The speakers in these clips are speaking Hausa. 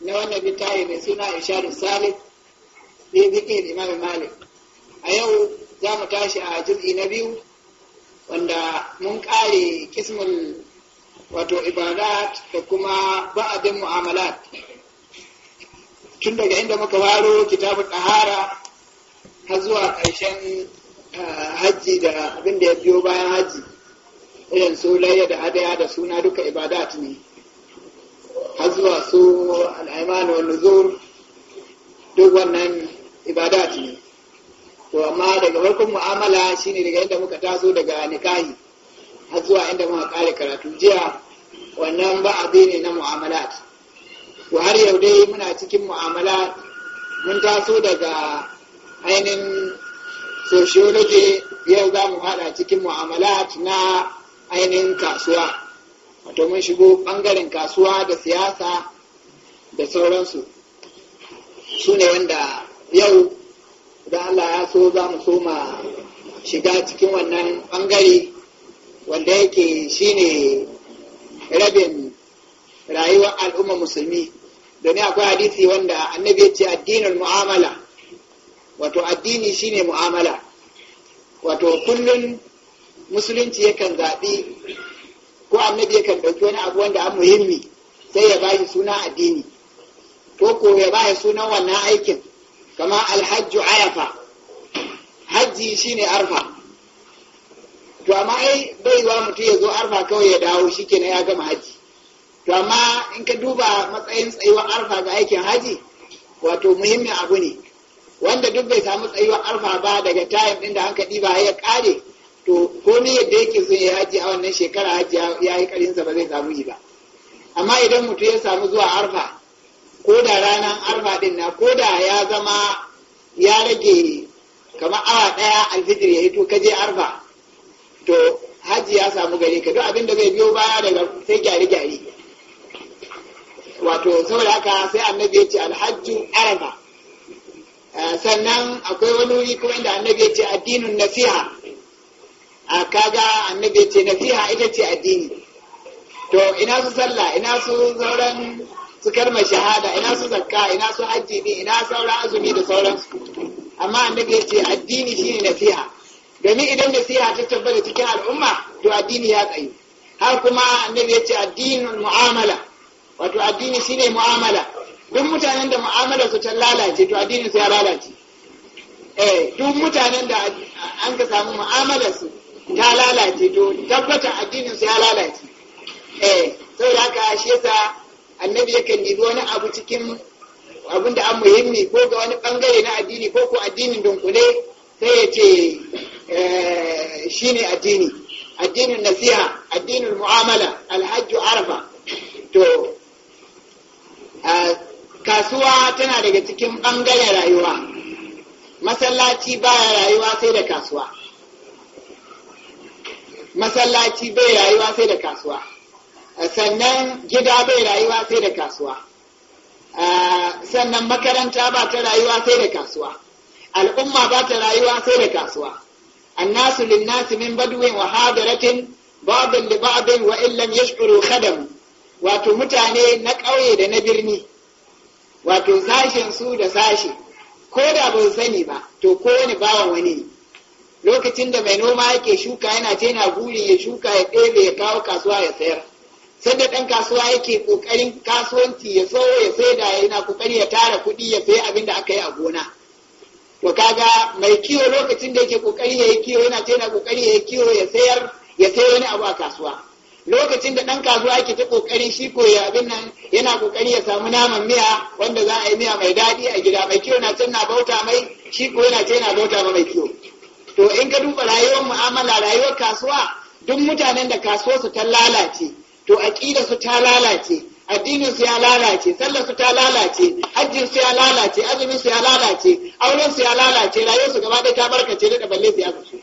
na wannan littafi mai suna ishadu salih ne zikin imamu malik a yau za mu tashi a jirgi na biyu wanda mun kare kismin wato ibadat da kuma ba'adin mu'amalat tun daga inda muka faro kitabun ɗahara har zuwa ƙarshen eh, hajji da abin da ya biyo bayan hajji irin su layya da hadaya da suna duka ibadat ne har zuwa su al'aiman wa duk wannan ibada ne to amma daga farkon mu'amala shine daga inda muka taso daga nikahi har zuwa inda muka kare karatu jiya wannan ba abu ne na mu'amala. to har yau dai muna cikin mu'amala mun taso daga ainihin sociology yau za mu hada cikin mu'amala na ainihin kasuwa wato mun shigo ɓangaren kasuwa da siyasa da sauransu su ne wanda yau da Allah ya so za mu soma shiga cikin wannan bangare wanda yake shine rabin rayuwar al'umma musulmi domin akwai hadisi wanda annabi ya ce addinin mu'amala wato addini shine mu'amala wato kullum musulunci yakan zaɓi ko annabi yakan ɗauki wani abu wanda an muhimmi sai ya bashi suna addini ko ko ya bashi sunan wannan aikin kamar alhajju ayafa hajji shine arfa to amma ai bai wa mutum ya zo arfa kawai ya dawo shikenan ya gama haji to amma in ka duba matsayin tsayuwar arfa ga aikin haji wato muhimmin abu ne wanda duk bai samu tsayuwar arfa ba daga tayin ɗin da an ka ɗiba ya ƙare to ko ni yadda yake son ya haji a wannan shekara haji ya yi karinsa ba zai samu yi ba amma idan mutum ya samu zuwa arfa ko da ranar arfa din na ko da ya zama ya rage kamar awa ɗaya alfitir ya to kaje arfa to haji ya samu gare ka duk abin da zai biyo baya daga sai gyare gyare wato saboda haka sai annabi ya ce alhajju arfa eh, sannan akwai wani wuri kuma inda annabi ya ce addinin nasiha a kaga annabi ce nasiha ita ce addini to ina su sallah ina su sauran su kalma shahada ina su zakka ina su hajji ne ina sauran azumi da sauransu amma annabi ya ce addini shine nasiha domin idan nasiha ta tabbata cikin al'umma to addini ya tsayi har kuma annabi ya ce addinin mu'amala wato addini shine mu'amala duk mutanen da mu'amala su ta lalace to addinin su ya lalace eh duk mutanen da an ka samu mu'amala su ya lalace to tabbata addinin su ya lalace eh saboda haka shi yasa annabi yakan dibi wani abu cikin abin da an muhimmi ko ga wani bangare na addini ko ko addinin dunkule sai ya ce eh, shi ne addini addinin nasiha addinin mu'amala alhajju arafa to kasuwa tana daga cikin bangare rayuwa masallaci baya rayuwa sai da kasuwa masallaci bai rayuwa sai da kasuwa sannan gida bai rayuwa sai da kasuwa ah, sannan makaranta ba ta rayuwa sai da kasuwa al'umma ba ta rayuwa sai da kasuwa min badwin wa بدو ba'dan li لبعض wa illam يشعروا khadam wato mutane na ƙauye da na birni wato sashen su da sashe ko da ba sani ba to ko wani bawan wani lokacin da mai noma yake shuka yana ce na buri ya shuka ya ɗebe ya kawo kasuwa ya sayar sai da ɗan kasuwa yake ƙoƙarin kasuwanci ya so ya sai da yana ƙoƙari ya tara kuɗi ya sayi abin da aka yi a gona to kaga mai kiwo lokacin da yake ƙoƙari ya yi kiwo yana ce na ƙoƙari ya yi kiwo ya sayar ya sai wani abu a kasuwa lokacin da ɗan kasuwa yake ta ƙoƙarin shi ko ya abin nan yana ƙoƙari ya samu naman miya wanda za a yi miya mai daɗi a gida mai kiwo na can na bauta mai shi ko yana ce yana bauta mai kiwo to in ka duba rayuwar mu'amala rayuwar kasuwa duk mutanen da kasuwar su ta lalace to su ta lalace addinin su ya lalace sallar su ta lalace hajjin su ya lalace azumin su ya lalace auren su ya lalace rayuwar su gaba ɗaya ta barkace da balle su ya zuce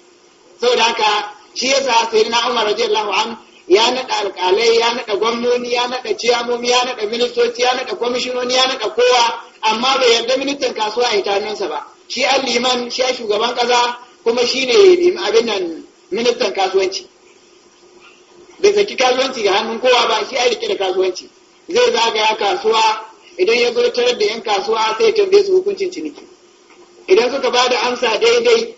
saboda haka shi yasa na Umar radiyallahu an ya nada alƙalai ya nada gwamnoni ya nada ciyamomi ya nada ministoci ya nada kwamishinoni ya nada kowa amma bai yarda ministan kasuwa a hitaninsa ba shi al liman shi shugaban kaza kuma shi shine abin nan ministan kasuwanci bai saki kasuwanci ga hannun kowa ba shi ya da kasuwanci zai zagaya kasuwa idan ya zo tarar da yan kasuwa sai ya tambaye su hukuncin ciniki idan suka ba da amsa daidai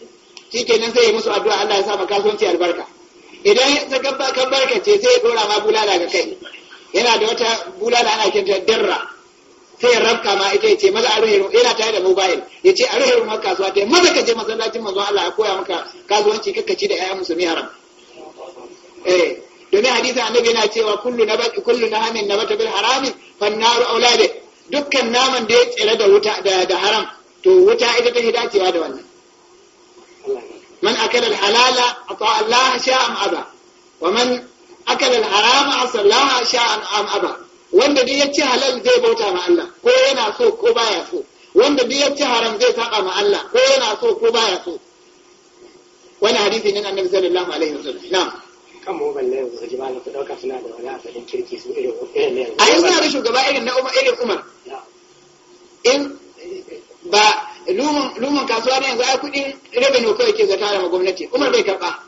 shikenan sai ya musu addu'a Allah ya sa ma kasuwanci albarka idan ta kan ce sai ya dora ma bulala ga kai yana da wata bulala ana kinta darra sai rabka ma ita ce maza a ruhe yana tare da mobile ya ce a ruhe rumar kasuwa ta maza ka je masallacin manzo Allah ya koya maka kasuwanci kakkaci da ƴaƴan musulmi haram eh domin hadisi annabi yana cewa kullu na kullu na hamin na bata bil harami fan naru aulade dukkan naman da ya tsere da wuta da haram to wuta ita ta dacewa da wannan man akala al halala ata Allah sha'am aba wa man akala al harama asallaha sha'an am aba wanda duk ya ci halal zai bauta ma Allah ko yana so ko baya so wanda duk ya ci haram zai saba ma Allah ko yana so ko baya so wani hadisi ne annabi sallallahu alaihi wasallam na'am kan mu balle yanzu ji ba ku dauka suna da wani asalin kirki su irin irin ne a yanzu da shugaba irin na Umar irin Umar in ba lumun lumun kasuwa ne yanzu ai kudin revenue kawai ke zata da gwamnati Umar bai karba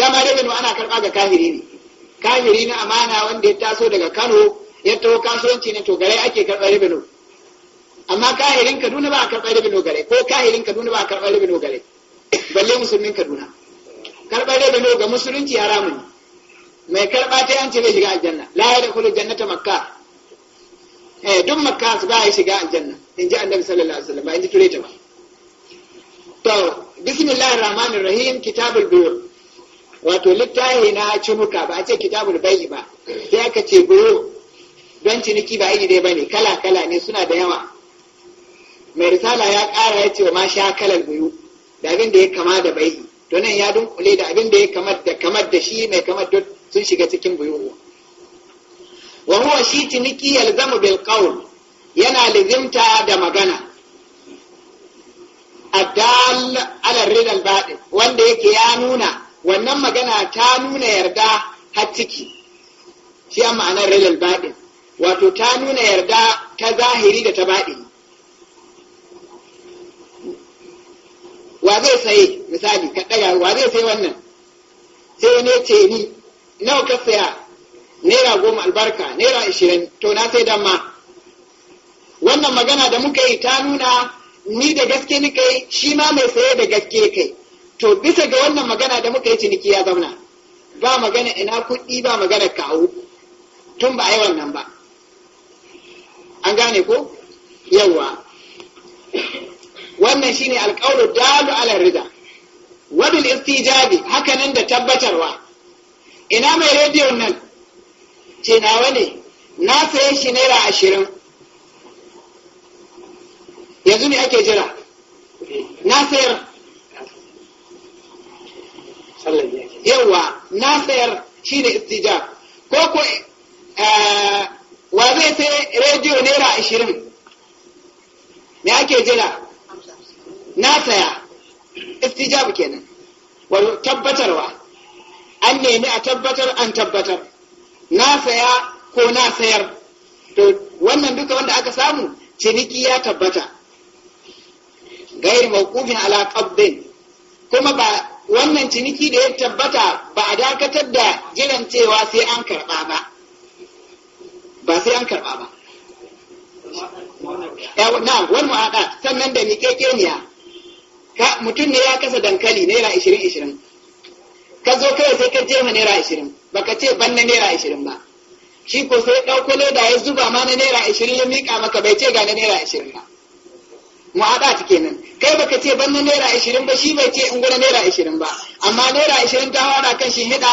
dama revenue ana karba ga kahiri ne Kahiri na amana wanda ya taso daga Kano ya taho kasuwanci ne to gare ake karɓar ribino amma kahirin Kaduna ba a karɓar ribino gare ko kahirin Kaduna ba a karɓar ribino gare balle musulmin Kaduna karɓar ribino ga musulunci haramun ne mai karɓa ta yanci bai shiga aljanna la ya da kullu jannata makka eh duk makka su ba ya shiga aljanna in ji annabi sallallahu alaihi wasallam ba in ji tureta ba to bismillahir rahmanir rahim kitabul buyur wato littafi na cinuka ba a ce kitabul bai ba sai aka ce buyo don ciniki ba iri dai bane kala kala ne suna da yawa mai risala ya kara ya ce wa ma sha kalar da abin da ya kama da bai to nan ya dunkule da abin da ya kamar da kamar da shi mai kamar da sun shiga cikin buyu wa huwa shi ciniki yalzamu bil yana lizimta da magana addal ala ridal baɗin wanda yake ya nuna wannan magana ta nuna yarda har ciki shi a ma'anar rilal baɗin wato ta nuna yarda ta zahiri da ta baɗi wa zai saye misali ka ɗaga wa zai saye wannan sai ne ce ni nawa ka saya naira goma albarka naira ashirin to na sai dama ma wannan magana da muka yi ta nuna ni da gaske ni kai, shi ma mai saye da gaske kai to bisa ga wannan magana da muka yi ciniki ya zauna ba magana ina kuɗi ba magana kawo tun ba a yi wannan ba an gane ko yawa wannan shine alƙawar dalu alar rida wadul istijabi hakanan da tabbatarwa ina mai rediyon nan ce nawa ne na sayan shi naira ashirin yanzu ne ake jira na sayar yawa na sayar shi ne istijab ko eh, wa zai sai rediyo naira ashirin me ake jira na saya istijab kenan wani tabbatarwa an nemi a tabbatar an tabbatar na saya ko na sayar to wannan duka wanda aka samu ciniki ya tabbata gairi mawqufin ala qabdin kuma ba wannan ciniki da ya tabbata ba a dakatar da jiran cewa sai an karɓa ba ba sai an karɓa ba na wani ma'aɗa sannan da miƙeƙeniya keniya. mutum ne ya kasa dankali naira ishirin ishirin ka zo kai sai ka jefa naira ishirin baka ce ban na naira ishirin ba shi ko sai ɗauko leda ya zuba ma na naira ishirin ya miƙa maka bai ce ga na naira ishirin ba ta kenan kai baka ce ban naira ashirin ba shi bai ce in gura naira ashirin ba amma naira ashirin ta hada kan shi hida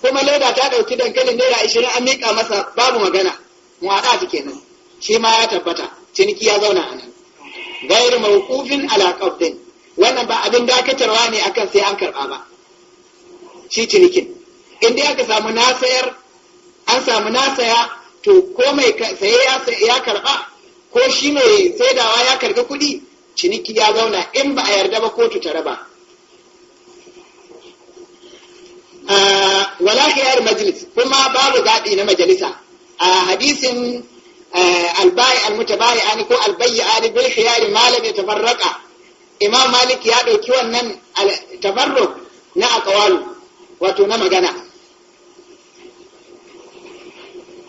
kuma leda ta dauki dankalin naira ashirin an miƙa masa babu magana ta kenan shi ma ya tabbata ciniki ya zauna a nan gairu mawqufin ala qabdin wannan ba abin dakatarwa ne akan sai an karba ba shi cinikin in dai aka samu na sayar an samu na saya to ko mai saye ya karba ko shi mai saidawa ya karga kuɗi ciniki ya zauna in ba a yarda ba kotu ta raba wala khiyar majlis kuma babu zaɓi na majalisa a hadisin albayi almutabayi ani ko albayi ani bil khiyari malam ya imam malik ya ɗauki wannan tafarruk na ƙawalu wato na magana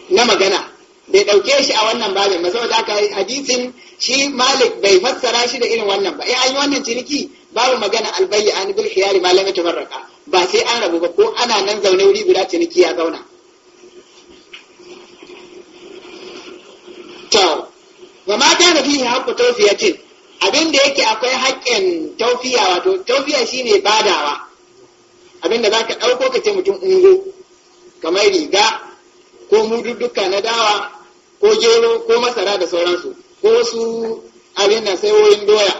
na magana bai ɗauke shi a wannan babin ba saboda haka hadisin shi malik bai fassara shi da irin wannan ba eh an yi wannan ciniki babu magana albayyi an bil khiyari ma lam yatafarraqa ba sai an rabu ba ko ana nan zaune wuri guda ciniki ya zauna to wa ma kana fihi haqqu ce. abin da yake akwai haƙƙin taufiya wato taufiya shine badawa abin da zaka ɗauko ka ce mutum ungo kamar riga ko mu dukka na dawa ko gero ko masara da sauransu ko wasu abin sai wurin doya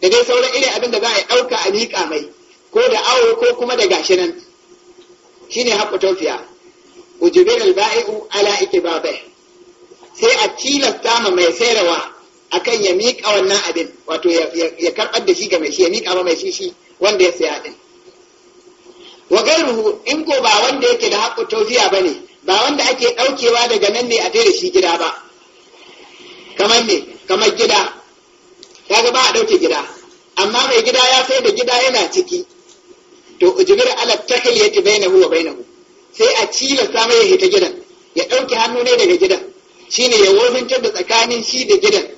da dai sauran irin abin da za a yi ɗauka a miƙa mai ko da awo ko kuma da gashi nan shi ne haƙƙo tofiya ujibir alba'i'u baiu ala ikibabai sai a tilasta ma mai sayarwa akan ya miƙa wannan abin wato ya karɓar da shi ga mai shi ya miƙa ma mai shi shi wanda ya saya din wa gairuhu in ko ba wanda yake da tafiya tofiya ne. ba wanda ake ɗaukewa daga nan ne a da shi gida ba kamar ne kamar gida kaga ba a ɗauke gida amma mai gida ya sai da gida yana ciki to ujibir ala na bainahu wa bainahu sai a cila samar ya hita gidan ya ɗauke hannu ne daga gidan shine ya wofintar da tsakanin shi da gidan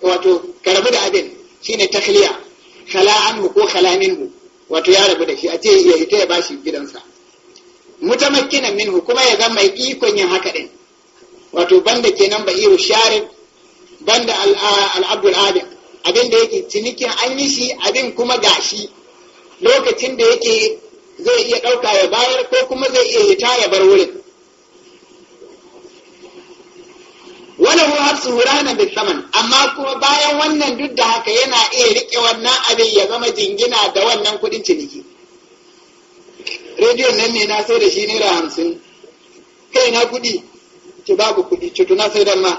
wato ka da abin shine Kala khala anhu ko khala minhu wato ya rabu da shi a ce ya hita ya bashi gidansa mutamakkinan minhu kuma ya zama ikon yin haka din wato banda kenan ba iru sharin banda al'abdul abin abin da yake cinikin an yi shi abin kuma gashi lokacin da yake zai iya ɗauka ya bayar ko kuma zai iya hita ya bar wurin wani har hafsu ranar da saman amma kuma bayan wannan duk da haka yana iya riƙe wannan abin ya zama jingina da wannan kuɗin ciniki rediyon nan ne na sai da shi naira hamsin kai na kuɗi ce babu kuɗi ce na sai da ma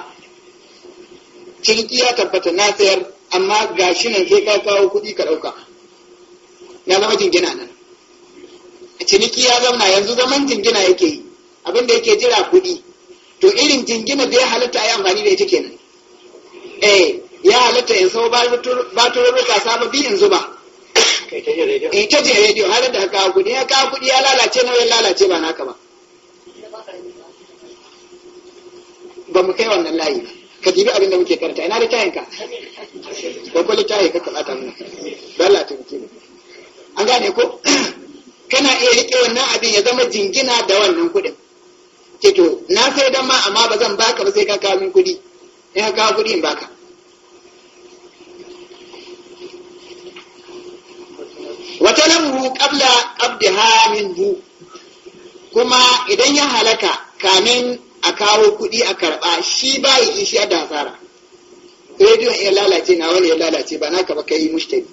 ciniki ya tabbata na sayar amma ga shi nan sai ka kawo kuɗi ka ɗauka Na zama jingina nan ciniki ya zama yanzu zaman jingina yake yi abin da yake jira kuɗi to irin jingina da ya halatta a yi amfani da ita kenan eh ya halatta ba sau batururruka sababbi yanzu zuba in ta je eh, rediyo har da ka kudi ya ka kudi ya lalace na ya lalace ba naka ba ba mu kai wannan layi ba ka jibi abin da muke karanta ina littafin ka babban littafi ka ta nuna ba Allah muke ne an gane ko kana iya rike wannan abin ya zama jingina da wannan kudin ke to na sai dan ma amma ba zan baka ba sai ka kawo min kudi in ka kawo kudi in baka wa talabu qabla qabdaha minhu kuma idan ya halaka kamin a kawo kuɗi a karɓa shi ba yi shi da hasara rediyon ya lalace na wani ya lalace ba naka ba kai mushtari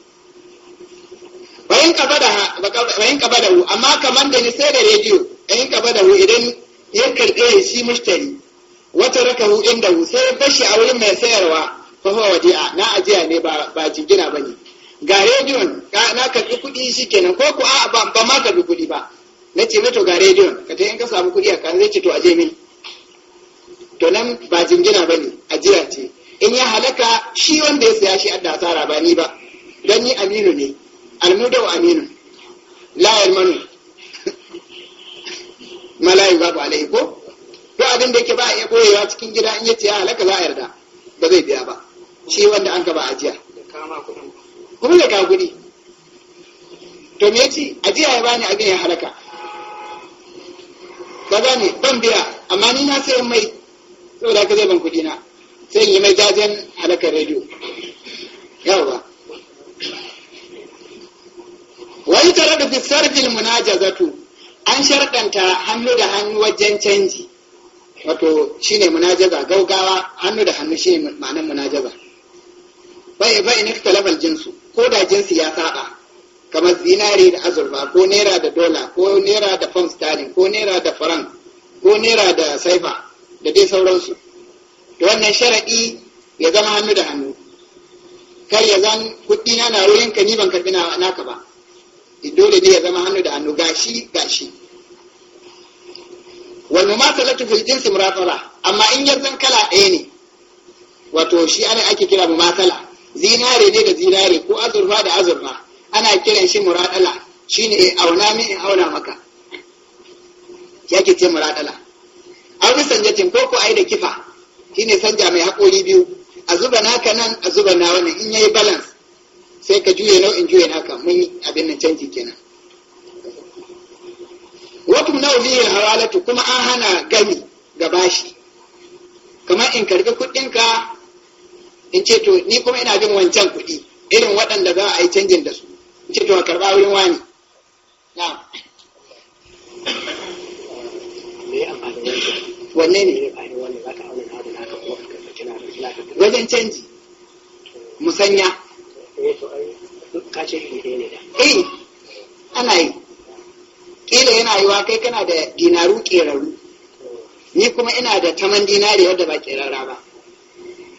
bayan kaba da hu amma kamar da ni sai da rediyo in kaba da hu idan ya karɓe shi mushtari wata raka hu inda hu sai bashi a wurin mai sayarwa fa huwa wadi'a na ajiya ne ba jingina bane ga rediyon na karbi kuɗi shi kenan ko ku a'a ba ba ma karbi kuɗi ba na ce to ga rediyon ka ta in ka samu kuɗi a kan zai ce to aje min to nan ba jingina ba ne ajiya ce in ya halaka shi wanda ya saya shi adda asara ba ni ba don ni aminu ne almudau aminu la Manu, malayi babu alai ko to abin da yake ba a iya boyewa cikin gida in ya ce ya halaka za a yarda ba zai biya ba shi wanda an ka ba ajiya kuma da gaguri to me ci jiya ya bani abin ya halaka ka gane ban biya amma ni na sayan mai saboda ka zai ban kuɗi na sai in yi mai jajen halakar rediyo yawa wani tare da fisarfil munajazatu an sharɗanta hannu da hannu wajen canji wato shine munajaza gaugawa hannu da hannu shine ma'anar munajaza bai bai ne ka jinsu ko da jinsi ya saba kamar zinare da azurfa ko naira da dola ko naira da pound sterling ko naira da franc ko naira da saifa da dai sauransu da wannan sharaɗi ya zama hannu da hannu kar ya zan kuɗi na na ruwan ka ni ban karɓi naka ba dole ne ya zama hannu da hannu gashi gashi wani ma talatu fil jinsi murafara, amma in yanzu kala ɗaya ne wato shi ana ake kira mumatala zinare ne da zinare ko azurfa da azurfa ana kiran shi muradala shine eh, auna mi in auna maka yake ce muradala auri sanjatin ko ko ai da kifa shine sanja mai haƙori biyu a zuba naka nan a zuba na wannan in yayi balance sai ka juye nau'in juye naka mun yi abin nan canji kenan wakum na fihi hawalatu kuma an hana gami ga bashi kamar in karbi kuɗinka in ce to ni kuma ina bin wancan kuɗi irin waɗanda za a yi canjin da su in ce to a karɓa wurin wani na wanne ne wajen canji musanya eh, eh ana yi ƙila yana yiwa kai kana da dinaru ƙeraru ni kuma ina da taman dinari wadda ba ƙerara ba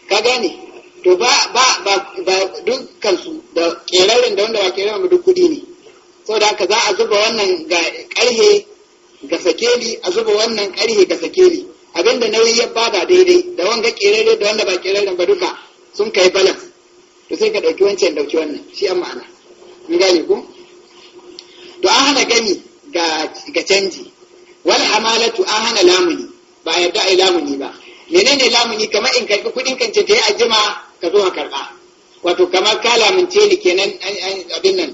ka gane to ba ba ba ba dukkan su da kerarin da wanda ba kerarin duk kudi ne da haka za a zuba wannan ga karhe ga sakeli a zuba wannan karhe ga sakeli abinda nauyi ya bada daidai da wanga kerare da wanda ba kerarin ba duka sun kai balance to sai ka dauki wancan dauki wannan shi an ma'ana mun gane ko to an hana gani ga ga canji wal amalatu an hana lamuni ba yarda ai lamuni ba menene lamuni kamar in karbi kudin kan ce ta yi ajima ka zo a karɓa wato kamar ka lamince ni kenan abin nan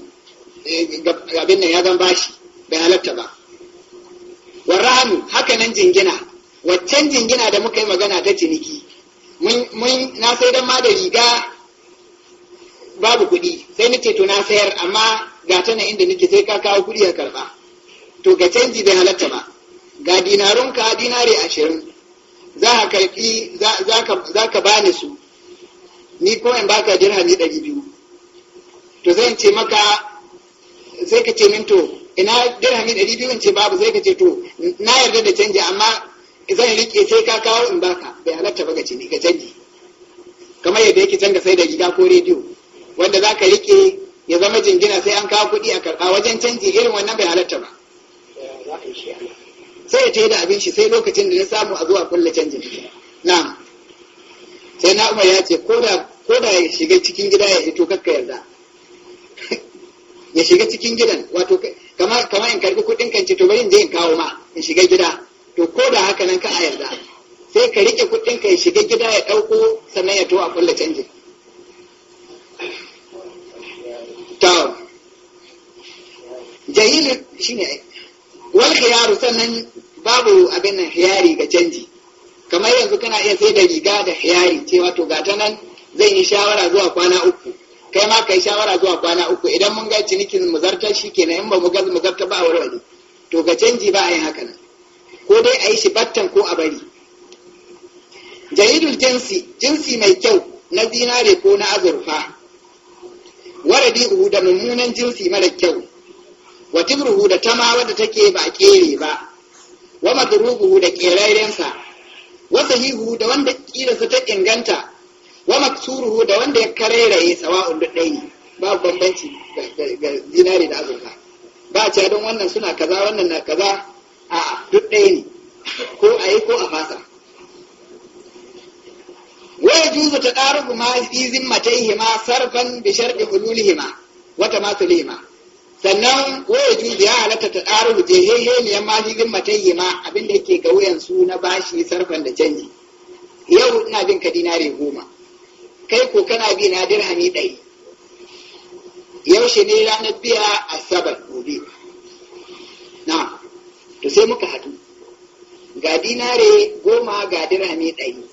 eh, abin nan ya zan bashi bai halatta ba warahanu haka nan jingina waccan jingina da muka yi magana ta ciniki mun na sai dan ma da riga babu kuɗi sai nace to na sayar amma ga ta inda nake sai ka kawo kuɗi ya karɓa to ga canji bai halatta ba ga dinarunka dinari ashirin za za ka bani su ni ko in baka dirhami ɗari biyu to zan ce maka sai ka ce min to ina dirhami ɗari biyu in ce babu sai ka ce to na yarda da canji amma zan riƙe sai ka kawo in baka bai halatta ba ga ce ni ka canji kamar yadda yake canza sai da gida ko rediyo wanda za ka riƙe ya zama jingina sai an kawo kuɗi a karɓa wajen canji irin wannan bai halatta ba sai ya ce da abin shi sai lokacin da na samu a zuwa kulle canjin na'am sai na umar ya ce ko da ya shiga cikin gida ya hito kakka yarda ya shiga cikin gidan wato kama in karbi kudin kan ce to bari in je in kawo ma in shiga gida to ko da haka nan ka a yarda sai ka rike kudin ka ya shiga gida ya dauko sannan ya to a kulla canji to shi shine wal khiyaru sannan babu abin nan khiyari ga canji kamar yanzu kana iya sai da riga da hiyari ce wato gata nan zai yi shawara zuwa kwana uku kai ma kai shawara zuwa kwana uku idan mun ga cinikin muzartar shi kenan in ba mu ga ba a wani, to ga canji ba a yi haka nan ko dai a yi shi battan ko a bari jaridul jinsi jinsi mai kyau na zinare ko na azurfa waradi uhu da mummunan jinsi mara kyau wa tibruhu da tama wadda take ba kere ba wa madrubuhu da kerairensa wasa hihu da wanda kila su ta inganta wa maksuruhu da wanda ya karairaye sawa'un duk ɗaya ne babu bambanci ga zinari da azurfa ba a cewa wannan suna kaza wannan na kaza a duk ɗaya ne ko a yi ko a fasa waya juzu ta ɗarugu ma fi hima sarfan bi sharɗi hululihima wata masulihima sannan waya juzu ya halatta ta ƙaru jeheye ne ya mahilin matayye ma abin da yake ga wuyan su na bashi sarfan da canji yau ina bin ka dinare goma kai ko kana bi na dirhami ɗari yaushe ne ranar biya asabar gobe na to sai muka haɗu ga dinare goma ga dirhami ɗari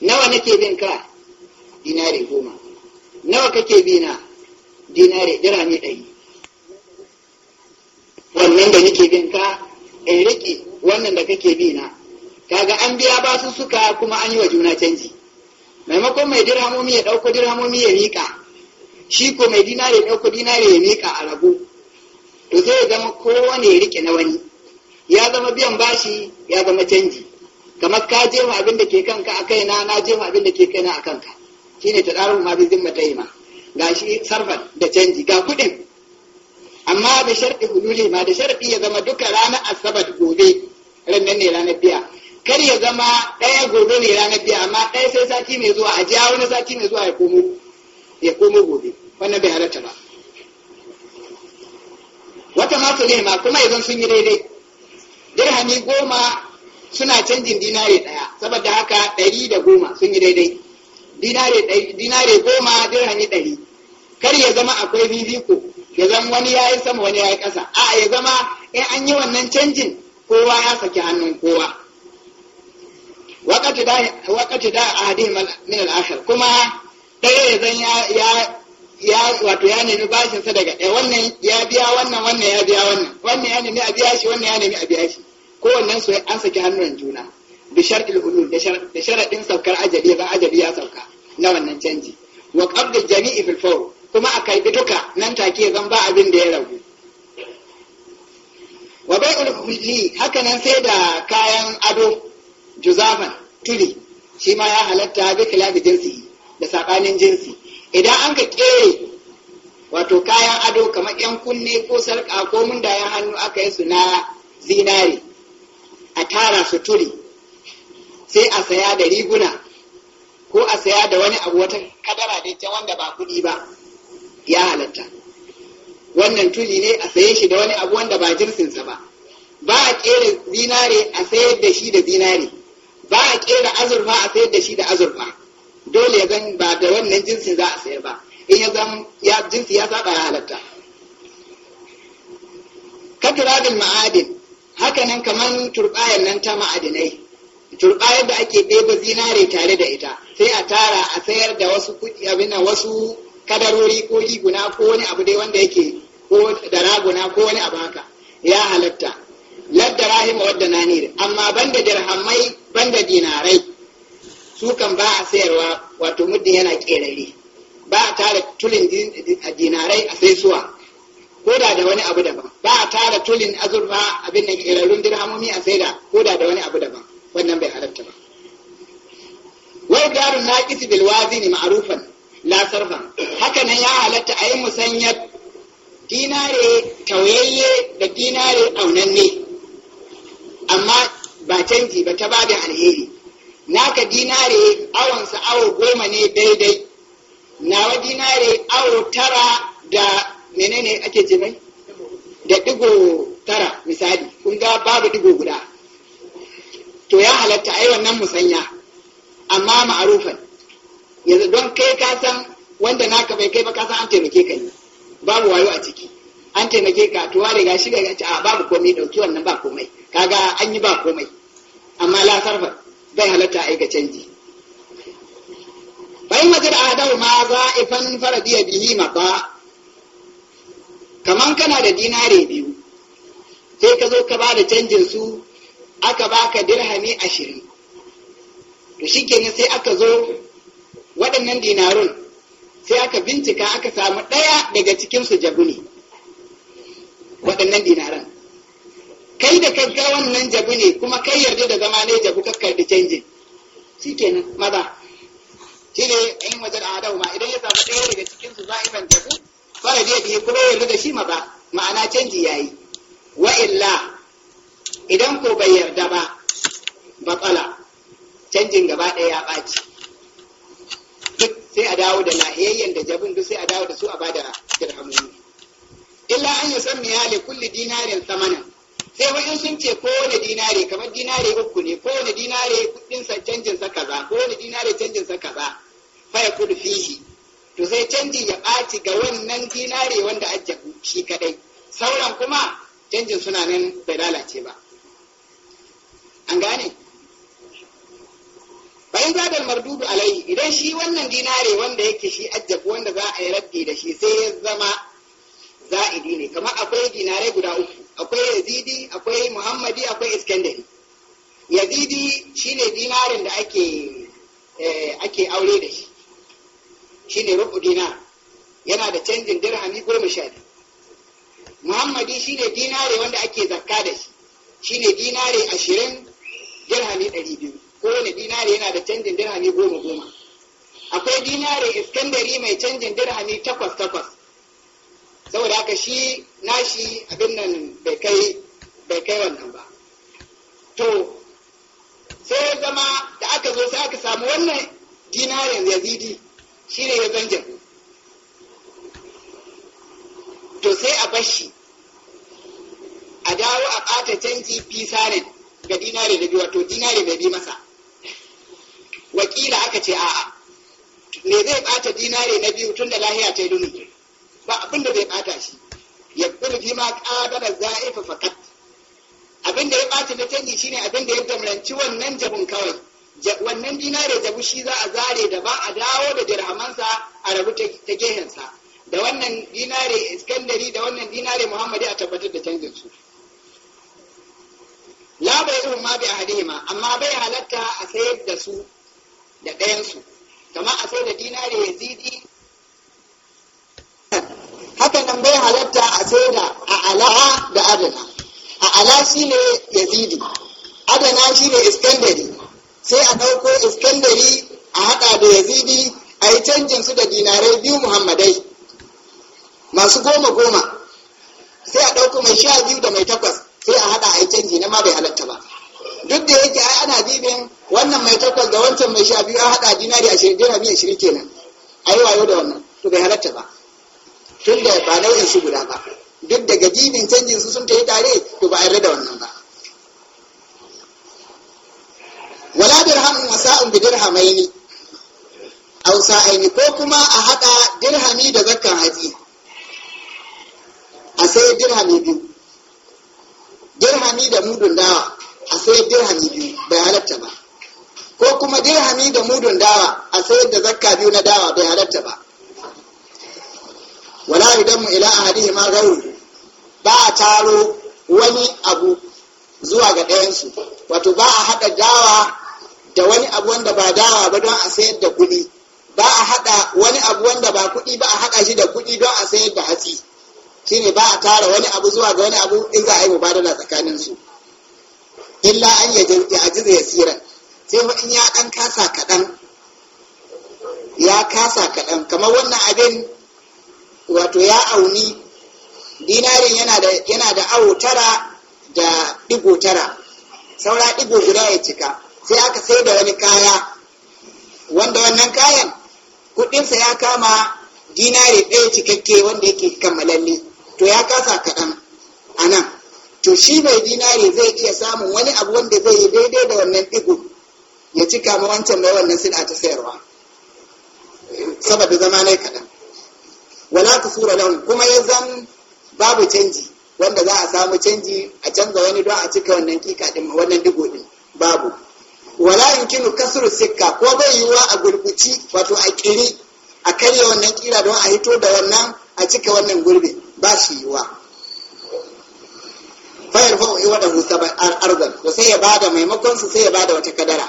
nawa nake bin ka dinare goma nawa kake bi na dinare dirhami ɗari wannan da nake bin ka in riƙe wannan da kake bi na kaga an biya basu suka kuma an yi wa juna canji maimakon mai dirhamomi ya ɗauko dirhamomi ya miƙa shi ko mai dinari ya ɗauko dinari ya miƙa a rago to zai zama kowane ya riƙe na wani ya zama biyan bashi ya zama canji kamar ka je ma abin da ke kanka a kaina na je ma abin da ke kaina a kanka shine ta ɗarin ma bi zimma ta yi ma ga shi sarfan da canji ga kuɗin amma da sharɗi hululi ma da sharɗi ya zama duka ranar asabar gobe ranar ne ranar biya kar ya zama ɗaya gobe ne ranar biya amma ɗaya sai sati mai zuwa a jiya wani sati mai zuwa ya komo ya komo gobe wannan bai halatta ba wata masu ne ma kuma idan sun yi daidai dirhami goma suna canjin dinare ɗaya saboda haka ɗari da goma sun yi daidai dinare goma dirhami ɗari kar ya zama akwai bibiko ya zama wani ya yi sama wani ya yi ƙasa a ya zama in an yi wannan canjin kowa ya saki hannun kowa wakati da a hadin min al'ashar kuma ɗaya ya zan ya ya wato ya nemi bashinsa daga ɗaya wannan ya biya wannan wannan ya biya wannan wannan ya nemi a biya shi wannan ya nemi a biya shi kowannen su an saki hannun juna bi shar'il ulul da sharaɗin saukar ajali ba ajali ya sauka na wannan canji wa qabda jami'i fil fawr kuma a karɓi duka nan take zan ba abin da ya ragu wa bai'ul hulli haka nan sai da kayan ado juzafan tuli shi ma ya halatta bi kilabi jinsi da sabanin jinsi idan an ka kere wato kayan ado kamar yan kunne ko sarka ko mundayen hannu aka yi su na zinari a tara su turi sai a saya da riguna ko a saya da wani abu wata kadara da wanda ba kuɗi ba ya halatta wannan tuli ne a saye shi da wani abu wanda ba jirsinsa ba ba a kera zinare a sayar da shi da zinare ba a kera azurfa a sayar da shi da azurfa dole ya zan ba da wannan jinsin za a sayar ba in ya zan ya jinsi ya saba ya halatta katuradin ma'adin haka nan kamar turbayan nan ta ma'adinai turbayar da ake ɗeba zinare tare da ita sai a tara a sayar da wasu kuɗi abin wasu kadarori ko riguna ko wani abu dai wanda yake ko da raguna ko wani abu haka ya halatta ladda rahima wadda na ne amma banda dirhamai banda dinarai su kan ba a sayarwa wato muddin yana kerare ba a tara tulin dinarai a sai suwa ko da da wani abu daban ba a tara tulin azurfa abin da kerarun dirhamomi a saida ko da da wani abu daban wannan bai halatta ba wai garun naqis bil wazini ma'rufan la sarfa. haka nan ya halatta a yi musanyar dinare tauyayye da dinare aunanne amma ba canji ba ta babin alheri naka dinare awonsa awo goma ne daidai nawa dinare awo tara da menene ake ce mai da digo tara misali kun ga babu digo guda to ya halatta ayi wannan musanya amma ma'arufan yanzu don kai ka san wanda naka bai kai ba ka san an taimake ka ne babu wayo a ciki an taimake ka to ware ga shiga ga a babu komai dauki wannan ba komai kaga an yi ba komai amma la sarfa bai halatta ai ga canji bai majar adau ma ifan faradiya bihi ma ba. kaman kana da dinare biyu sai ka zo ka ba da canjin su aka baka dirhami ashirin to shikenan sai aka zo waɗannan dinarun sai aka bincika aka samu ɗaya daga cikinsu jabu ne waɗannan dinaran kai da kagga wannan jabu ne kuma kai yarda da zama ne jabu kakkar da canjin shi kenan maza shi ne in wajen adau ma idan ya samu ɗaya daga cikinsu za'iban jabu fara da biyu kuma yarda da shi maza ma'ana canji ya yi wa illa idan ko bai yarda ba batsala canjin gaba ɗaya ya ɓaci sai a dawo da lahiyayyen da jabin duk sai a dawo da su a bada dirhamomi illa an yi san miyali kulli dinarin samana sai wajen sun ce kowane dinare kamar dinare uku ne kowane dinare kudin sa canjin sa kaza kowane dinare canjin sa kaza fa ya kudu fihi to sai canji ya ɓaci ga wannan dinare wanda jabu shi kadai sauran kuma canjin suna nan bai lalace ba an gane bayan zadal mardudu alaihi idan shi wannan dinare wanda yake shi ajjabu wanda za a yi raddi da shi sai ya zama za'idi ne kamar akwai dinare guda uku akwai yazidi akwai muhammadi akwai iskandari yazidi shine dinarin da ake eh, ake aure da shi shine rubu dina yana da canjin dirhami goma sha biyu muhammadi shine dinare wanda ake zakka da shi shine dinare ashirin dirhami ɗari biyu kowane dinari yana da canjin dirhami goma goma akwai dinari iskandari mai canjin dirhami takwas takwas saboda haka shi nashi abin nan bai kai bai kai wannan ba to sai zama da aka zo sai aka samu wannan dinarin yazidi shi ne ya zanje to sai a bashi a dawo a ɓata canji fi sarin ga dinari da biyu wato dinari bai bi masa wakila aka ce a'a me zai bata dinare na biyu tun da lahiya ta yi dunu ba abinda zai bata shi ya kurfi ma kadara za'ifa fakat abin da ya bata na tanni shine abin da ya damranci wannan jabun kawai wannan dinare jabu shi za a zare da ba a dawo da dirhamansa a rabu ta gehensa da wannan dinare iskandari da wannan dinare muhammadi a tabbatar da canjin su la bai ma bi ahadihima amma bai halatta a sayar da su da ɗayansu kamar a sai da dinari ya zidi haka nan bai halatta a sai da a'ala da adana ala shi ne ya zidi adana shi ne iskandari sai a ɗauko iskandari a haɗa da yazidi a yi canjin su da dinarai biyu muhammadai masu goma goma sai a ɗauko mai sha biyu da mai takwas sai a haɗa a yi canji na ma bai halatta ba duk da yake ai ana bibin wannan mai takwas da wancan mai sha biyu an haɗa dinari ashirin dinari ashirin kenan a yi wayo da wannan to bai halatta ba tun da ba nau'in shi guda ba duk da gajibin canjin su sun tafi tare to ba a yarda da wannan ba wala dirham wa sa'un bi dirhamaini aw sa'aini ko kuma a haɗa dirhami da zakkan haji a sai dirhami biyu dirhami da mudun dawa a sayar dirhami biyu bai halatta ba ko kuma dirhami da mudun dawa a sayar da zakka biyu na dawa bai halatta ba wala idan mu ila ahadihi ma gauru ba a taro wani abu zuwa ga ɗayansu wato ba a haɗa dawa da wani abu wanda ba dawa ba don a sayar da kuɗi ba a haɗa wani abu wanda ba kuɗi ba a haɗa shi da kuɗi don a sayar da hatsi shine ba a tara wani abu zuwa ga wani abu in za a yi mubadala tsakaninsu su illa an ya jirgin yasiran sai fa ya dan kasa kaɗan ya kasa kaɗan kamar wannan abin wato ya auni dinarin yana da awo tara da ɗigo tara saura ɗigo guda ya cika sai aka sai da wani kaya wanda wannan kayan kudinsa ya kama dinari ɗaya cikakke wanda yake kammalalle to ya kasa kaɗan a nan to shi mai dinari zai iya samun wani abu wanda zai yi daidai da wannan ɗigo ya cika ma wancan mai wannan suna ta sayarwa saboda zama kaɗan wala ta sura lahun kuma ya zan babu canji wanda za a samu canji a canza wani don a cika wannan kika din wannan digo din babu wala in kinu kasru sikka ko bai yiwuwa a gurguci wato a kiri a karya wannan kira don a hito da wannan a cika wannan gurbin, ba shi yiwuwa. bayar fa yi ba musa arzan to sai ya bada maimakon su sai ya bada wata kadara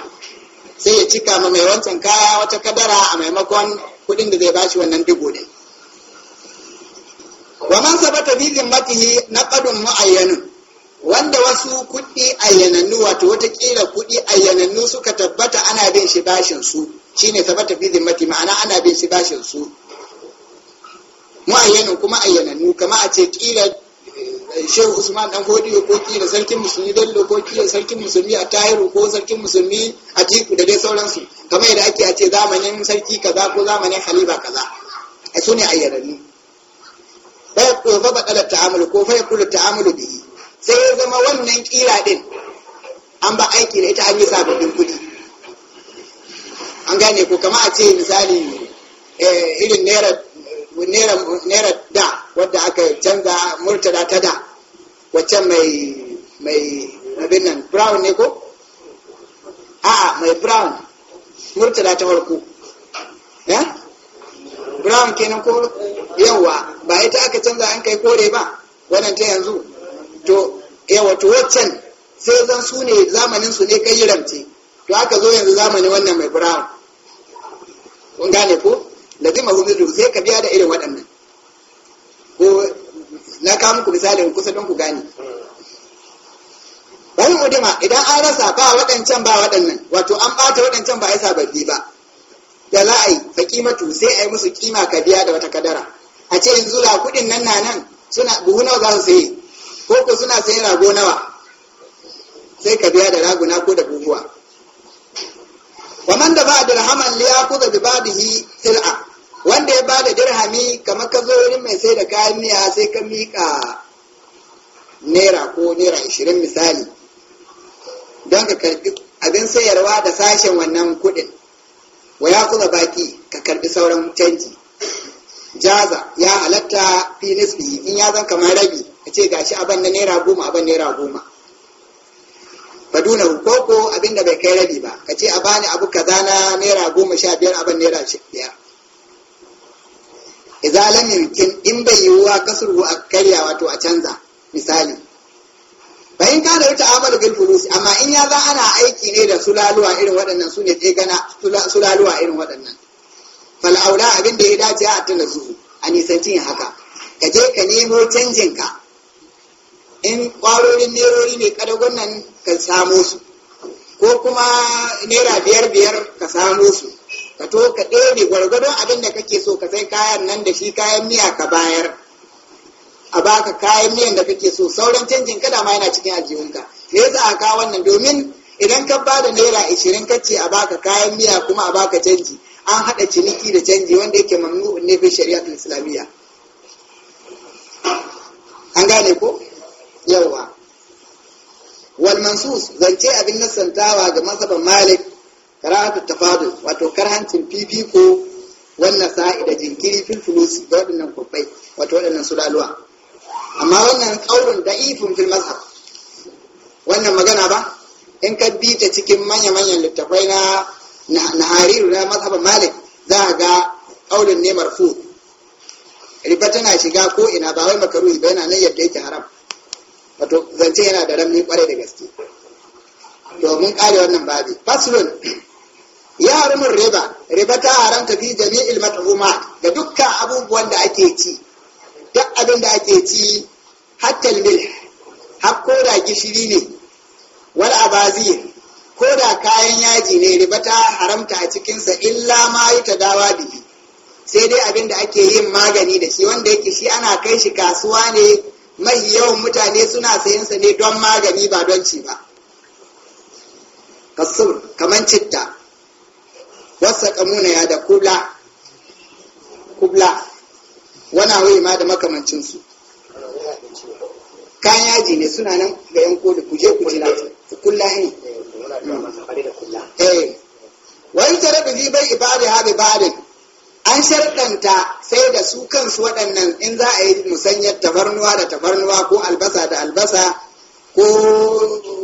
sai ya cika ma mai wancan kaya wata kadara a maimakon kuɗin da zai bashi wannan dubu ne wa man sabata bi zimmatihi naqadun mu'ayyanun wanda wasu kuɗi ayyanannu wato wata kila kuɗi ayyanannu suka tabbata ana bin shi bashin su shine sabata bi zimmati ma'ana ana bin shi bashin su mu'ayyanun kuma ayyanannu kama a ce kila shehu usman dan godiyo ko kila sarkin musulmi dallo ko kila sarkin musulmi a tahiru ko sarkin musulmi a tiku da dai sauransu kamar yadda ake a ce zamanin sarki kaza ko zamanin haliba kaza a su ne ayyaranni ba ko ba da ta'amulu ko fa yakulu ta'amulu bihi sai ya zama wannan kira din an ba aiki da ita an yi sababbin kuɗi an gane ko kamar a ce misali eh, irin naira naira da wadda aka canza murtala ta da wacce mai mai abin nan brown ne ko a'a mai brown murtala ta farko ya eh? brown kenan ko yawa ba ita aka canza an kai kore ba wannan ta yanzu to yawa to waccan sai zan su ne zamanin su ne kai ramce to aka zo yanzu zamanin wannan mai brown kun gane ko lazima hudu sai ka biya da irin waɗannan ko na kawo muku misalin kusa don ku gane bayan udima idan an rasa ba waɗancan ba waɗannan wato an ɓata waɗancan ba a yi sababbi ba da la'ai fa kimatu sai a yi musu kima ka biya da wata kadara a ce yanzu la kuɗin nan na nan suna buhu nawa za su saye ko ku suna saye rago nawa sai ka biya da raguna ko da buhuwa wa man da ba dirhaman li yaqudu da badihi sil'a sami kamar ka zo wurin mai sai da kayan miya sai ka mika naira ko naira ashirin misali don ka karbi abin sayarwa da sashen wannan kuɗin wa ya kuma baki ka karbi sauran canji jaza ya halatta fi nisbi in ya zan kamar rabi a ce gashi abin na naira goma abin naira goma baduna koko abin da bai kai rabi ba ka ce a bani abu kaza na naira goma sha biyar abin naira biyar idza lam in bai yiwuwa surgu a karya wato a canza misali bayan ka da wuta amalu bil furusi amma in ya za ana aiki ne da sulaluwa irin waɗannan su ne gana sulaluwa irin waɗannan fal aula abin da ya dace a tana zuhu a nisanci haka ka je ka nemo canjin ka in kwarorin nerori ne kadagon nan ka samo su ko kuma naira biyar biyar ka samo su ka to ka ɗere gwargwadon abin da kake so ka sai kayan nan da shi kayan miya ka bayar a baka kayan miyan da kake so sauran canjin kada ma yana cikin aljihunka me yasa a kawo wannan domin idan ka ba da naira ishirin ka ce a baka kayan miya kuma a baka canji an haɗa ciniki da canji wanda yake mamnu'un ne fi ta islamiyya an gane ko yawa wal mansus zance abin nasantawa ga mazhaban malik karahatu tafadu wato karhancin fifiko wannan sa'i da jinkiri fil fulusi da waɗannan kubbai wato waɗannan sulaluwa amma wannan da da'ifun fil mazhab wannan magana ba in ka bi ta cikin manya-manyan littafai na na hariru na mazhaban malik za a ga qaulun ne marfu riba tana shiga ko ina ba wai makaruhi ba yana nan yadda yake haram wato zance yana da ramni kware da gaske domin kare wannan babi fasulun ya riba riba ta haramta fi jami'il mat'uma da dukkan abubuwan da ake ci duk abin da ake ci hatta mil har ko da gishiri ne wal abazir ko da kayan yaji ne riba ta haramta a cikinsa illa ma yi ta dawa bihi sai dai abin da ake yin magani da shi wanda yake shi ana kai shi kasuwa ne mai yawan mutane suna sa ne don magani ba don ci ba kasur kaman citta wasa kamuna ya da kubla kubla wana wai ma da makamancinsu kayan yaji ne suna nan ga yan da kuje kuje na kulla ne eh wani tare da zai bai ibari ha bai bari an sharɗanta sai da su kansu waɗannan in za a yi musanyar tabarnuwa da tabarnuwa ko albasa da albasa ko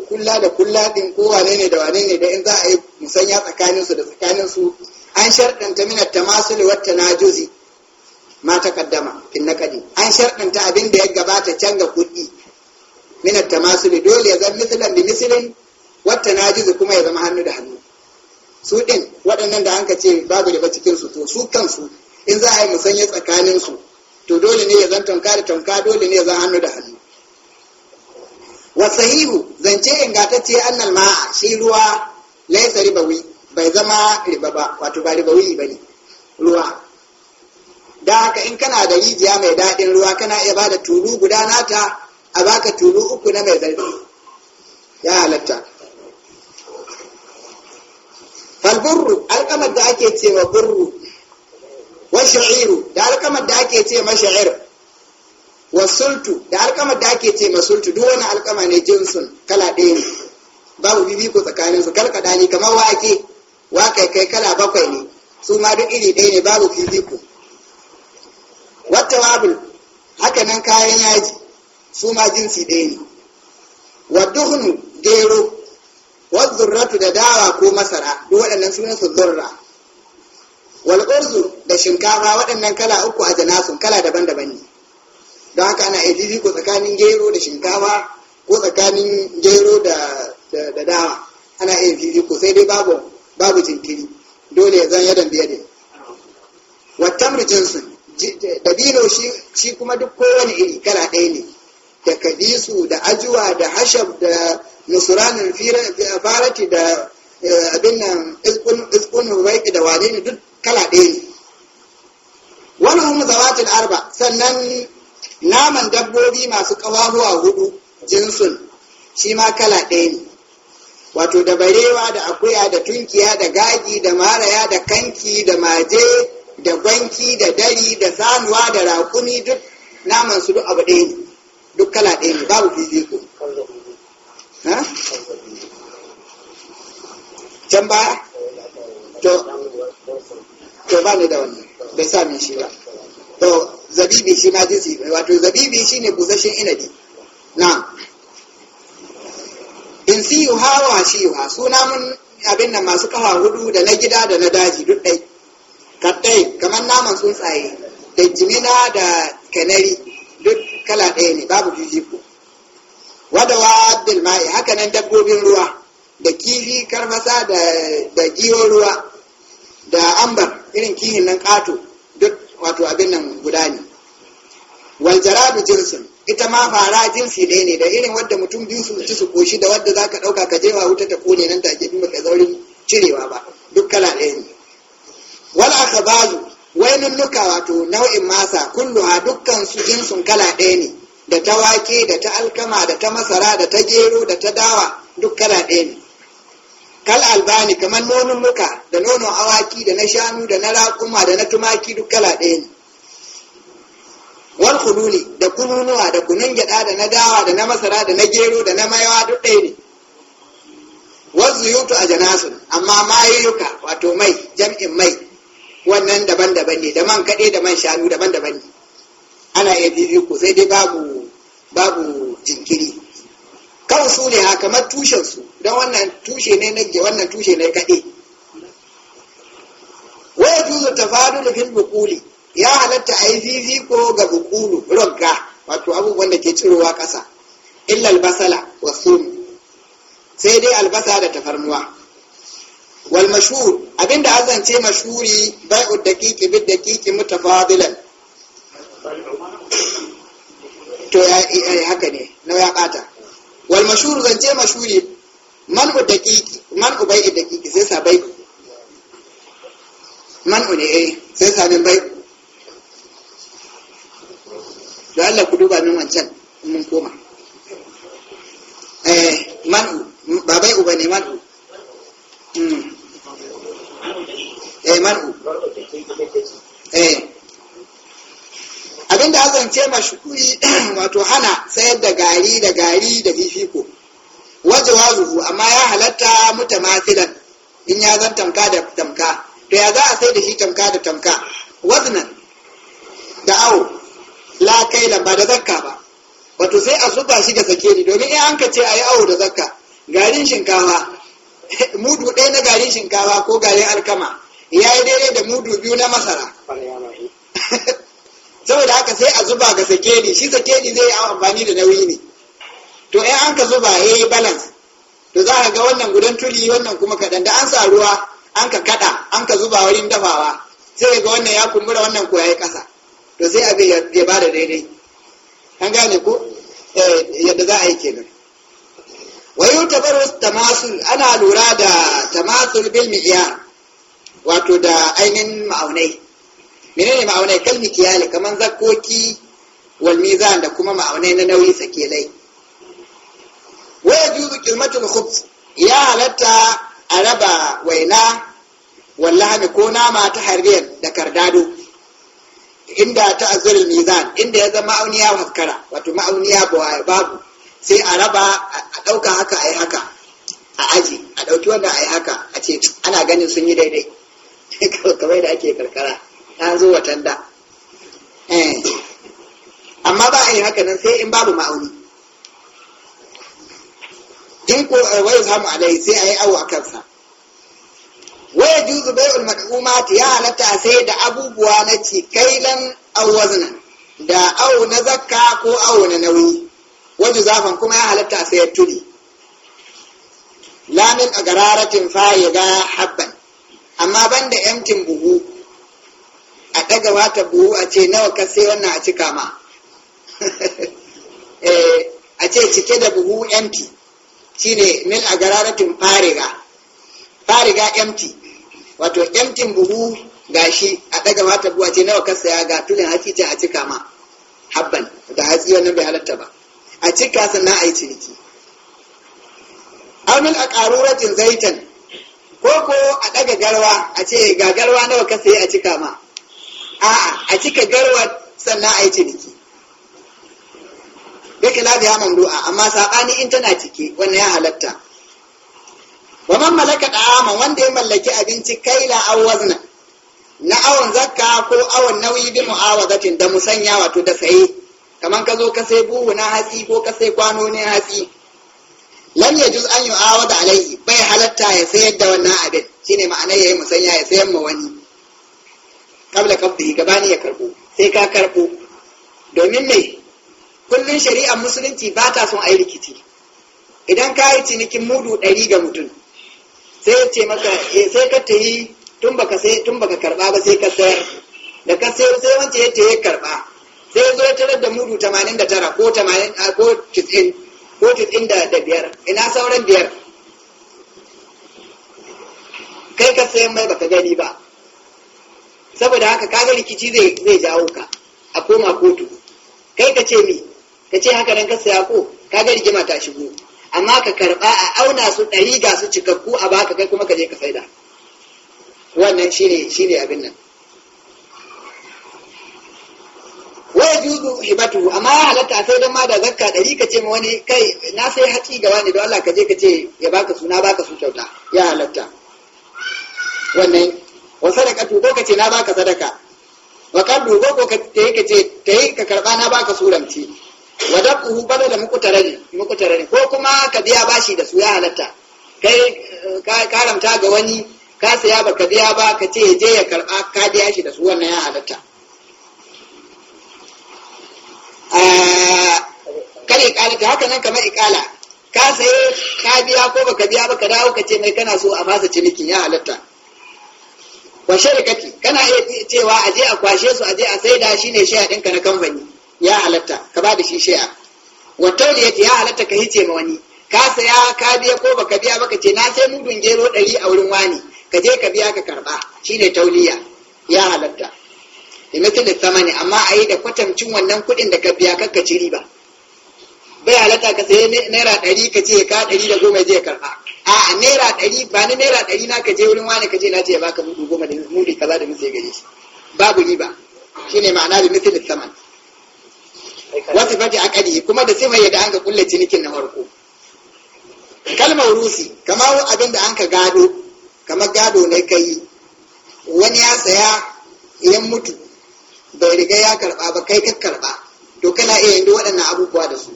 kulla da kulla din ko wane ne da wane ne da in za a yi musanya tsakanin su da tsakanin su an sharɗanta mina at-tamasul wa tanajuzi ma ta taqaddama in naqadi an sharɗanta abin da ya gabata can ga kuɗi min tamasul dole ya zama mislan bi mislin wa tanajuzi kuma ya zama hannu da hannu su din waɗannan da anka ce babu da cikin su to su kansu in za a yi musanya tsakanin su to dole ne ya zan tanka da tanka dole ne ya zan hannu da hannu wa sahihu zance ingantacce annal ma'a shi ruwa laisa ribawi bai zama riba ba wato ba ribawi bane ruwa da haka in kana da rijiya mai daɗin ruwa kana iya ba da tulu guda nata a baka tulu uku na mai zarfi ya halatta falburru alkamar da ake cewa burru wa sha'iru da alkamar da ake ce ma sha'ir wasultu da alkama da ake ce sultu duk wani alkama ne jinsun kala ɗaya ne babu bibiko tsakanin su kalka ne kamar wake wa kai kala bakwai ne su ma duk iri ɗaya ne babu bibiko wata wabul haka nan kayan yaji su ma jinsi ɗaya ne wa duhnu gero wa zurratu da dawa ko masara duk waɗannan sunan su zurra wal da shinkafa waɗannan kala uku a janasun kala daban-daban ne don haka ana iya fifiko tsakanin gero da shinkafa ko tsakanin gero da da dawa ana iya fifiko sai dai babu babu jinkiri dole ya zan yadan biye ne wattamru jinsin dabino shi kuma duk kowane iri kala ɗaya ne da kadisu da ajuwa da hashab da nusuranin farati da eh, abin nan iskun rubaiki da wane ne duk kala ɗaya ne wani hum zawatul arba sannan naman dabbobi masu ƙafafuwa hudu jinsun shi ma kala ɗaya ne wato da barewa da akuya da tunkiya da gagi da maraya da kanki da maje da gwanki da dari da sanuwa da raƙumi duk naman su duk abu ɗaya ne duk kala ɗaya ne babu fifiko can ba? to to ba ni da wannan bai sa min shi ba to zabibi shi ma jinsi wato zabibi shi ne busasshen inadi? na in si yi hawa shi yuha suna mun abin nan masu kafa hudu da na gida da na daji duk ɗai kattai kamar naman tsuntsaye da jimina da kanari duk kala ɗaya ne babu jujiko wada wa ma'i haka nan dabbobin ruwa da kifi karfasa da giyon ruwa da ambar irin kihin nan ƙato wato abin nan guda ne wal jinsin ita ma fara jinsi ɗaya ne da irin wadda mutum biyu su ci su koshi da wadda zaka ɗauka ka jefa wuta ta kone nan take bi maka zaurin cirewa ba duk kala ɗaya ne wal akhbazu wainun nuka wato nau'in masa kulluha dukkan su jinsin kala ɗaya ne da ta wake da ta alkama da ta masara da ta gero da ta dawa duk kala ɗaya ne kal albani kamar nonon muka da nonon awaki da na shanu da na raƙuma da na tumaki duk kala ɗaya ne wal kununi da kununuwa da kunun gyaɗa da na dawa da na masara da na gero da na maiwa duk ɗaya ne wasu yutu a janasun amma mayayyuka wato mai jam'in mai wannan daban-daban ne da man kaɗe da man shanu daban-daban ne ana iya fifiko sai dai babu babu jinkiri kan su ne kamar tushen su don wannan tushe ne na wannan tushe ne kaɗe waya juzu da fil bukuli ya halatta a yi ko ga bukulu rogga wato abubuwan da ke cirowa ƙasa illa albasala wa sai dai albasa da tafarnuwa wal mashur abinda azance mashhuri bai'u daqiqi bid daqiqi mutafadilan to ya haka ne na ya wal mashhur zance mashhuri man u daqiqi man u bai'i daqiqi sai sa bai man u ne eh, sai sa min bai da Allah ku duba min wancan mun koma eh man ba bai u bane man u hmm. eh man u eh ce azance mashkuri wato hana sayar da gari da gari da fifiko waje wazuhu amma ya halatta mutamafilan in ya zan tamka da tamka to ya za a sai da shi tamka da tamka waznan da awo la kai kailan ba da zakka ba wato sai a zuba shi sake ni domin in an ka ce a yi awo da zakka garin shinkawa mudu ɗaya na garin shinkawa ko garin alkama ya yi daidai da mudu biyu na masara saboda haka sai a zuba ga sakeli shi sakeli zai yi amfani da nauyi ne to in an ka zuba ya yi balance to za ka ga wannan gudan tuli wannan kuma kaɗan da an sa ruwa an ka kaɗa an ka zuba wurin dafawa sai ga wannan ya kumbura wannan ko ya yi ƙasa to sai a ga ya ba da daidai an gane ko eh, yadda za a yi kenan wayo tabaru tamasul ana lura da tamasul bil mi'yar wato da ainihin ma'aunai menene ma'aunai kalmi kiyali kamar zakoki wal da kuma ma'aunai na nauyi sakelai waya juzu kilmatul khubz ya halatta a raba waina wallahi ko nama ta harbiyar da kardado inda ta mizan inda ya zama auniya haskara wato ma'auniya babu sai a raba a ɗauka haka a yi haka a aji a ɗauki wannan a yi haka a ce ana ganin sun yi daidai kamar da ake karkara an zo watan da eh. amma ba a yi haka nan sai in babu ma'auni in ko samu eh, alai sai a yi awo a kansa waya juzu bai ulmad'umat ya halatta sai da abubuwa na cikailan awazna da awo na zakka ko awo na nauyi wajen zafan kuma ya halatta sai ya ture. lamin a gararatin ga habban amma banda yamkin buhu a ɗaga wata buhu a ce nawa ka sai wannan a cika ma eh, a ce cike da buhu empty shine mil a gararatin fariga fariga empty wato empty buhu gashi a ɗaga wata buhu a ce nawa ka saya ga tulin hatsi ce a cika ma habban da hatsi wannan bai halatta ba a cika sannan a yi ciniki amin a ƙaruratin zaitan ko ko a ɗaga garwa a ce ga garwa nawa ka sayi a cika ma a'a a cika garwa sannan a yi ciniki da ya mamdu mamdu'a amma saɓani in tana cike wannan ya halatta wa man malaka da'ama wanda ya mallaki abinci kaila aw wazna na awon zakka ko awon nauyi bi mu'awadatin da musanya wato da saye Kamar ka zo ka sai buhu na hatsi ko ka sai kwano ne hatsi lam juz an yu'awada alaihi bai halatta ya sayar da wannan abin shine ma'anar yayi musanya ya sayar ma wani qabla qabdihi gabani ya karbo sai ka karbo domin me kullun shari'ar musulunci ba ta son ayi rikici idan ka yi cinikin mudu ɗari ga mutum sai ya ce maka eh, sai ka ta yi tun baka sai tun baka karba ba sai ka sayar da ka sayar sai wance yace ya karba sai ya zo ya tarar da mudu 89 ko 80 ko 90 ko 95 ina sauran biyar kai ka sayan mai baka gani ba saboda haka kaga rikici zai zai jawo ka a koma kotu kai ka ce mi ka ce haka nan ka saya ko kaga rigima ta shigo amma ka karba a auna su ɗari ga su cikakku a baka kai kuma ka je ka saida wannan shine shine abin nan Wai juzu hibatu amma ya halatta sai don ma da zakka ɗari ka ce ma wani kai na sai hatsi ga wani don Allah ka je ka ce ya baka suna baka su kyauta ya halatta wannan wa sadaqatu ko kace na baka sadaka wa qalbu ko ko kace kace kai ka karba na baka suranci wa dabu badala muku muqtarani ko kuma ka biya bashi da su ya halatta kai ka karamta ga wani ka saya baka biya ba ka ce je ya karba ka biya shi da su wannan ya halatta ah, kare ta haka nan kamar ikala ka sai ka biya ko baka biya ba ka dawo ka ce mai kana so a fasa cinikin ya halatta Kwashe da kaki, kana iya cewa a je a kwashe su a je a saida ne shaya ɗinka na kamfani ya halatta ka ba da shi shaya wa tauliyati ya halatta ka hice ma wani ka saya ka biya ko baka biya baka ce na sai mudun gero ɗari a wurin wani ka je ka biya ka karɓa Shi ne tauliya ya halatta da mutum ne amma a yi da kwatancin wannan kuɗin da ka biya kakka ci riba bai halatta ka sayi naira ɗari ka ce ka ɗari da goma je karɓa a naira ɗari ba na naira ɗari na ka je wurin wani ka je na ce ya baka mudu goma da mudu kaza da musu gare shi babu riba shine ma'ana da mutum saman wata fati ƙari kuma da sifar yadda an ka kulle cinikin na farko kalmar rusi kamar abin da an ka gado kamar gado ne ka yi wani ya saya yan mutu bai riga ya karba ba kai ka karba to kana iya yin waɗannan abubuwa da su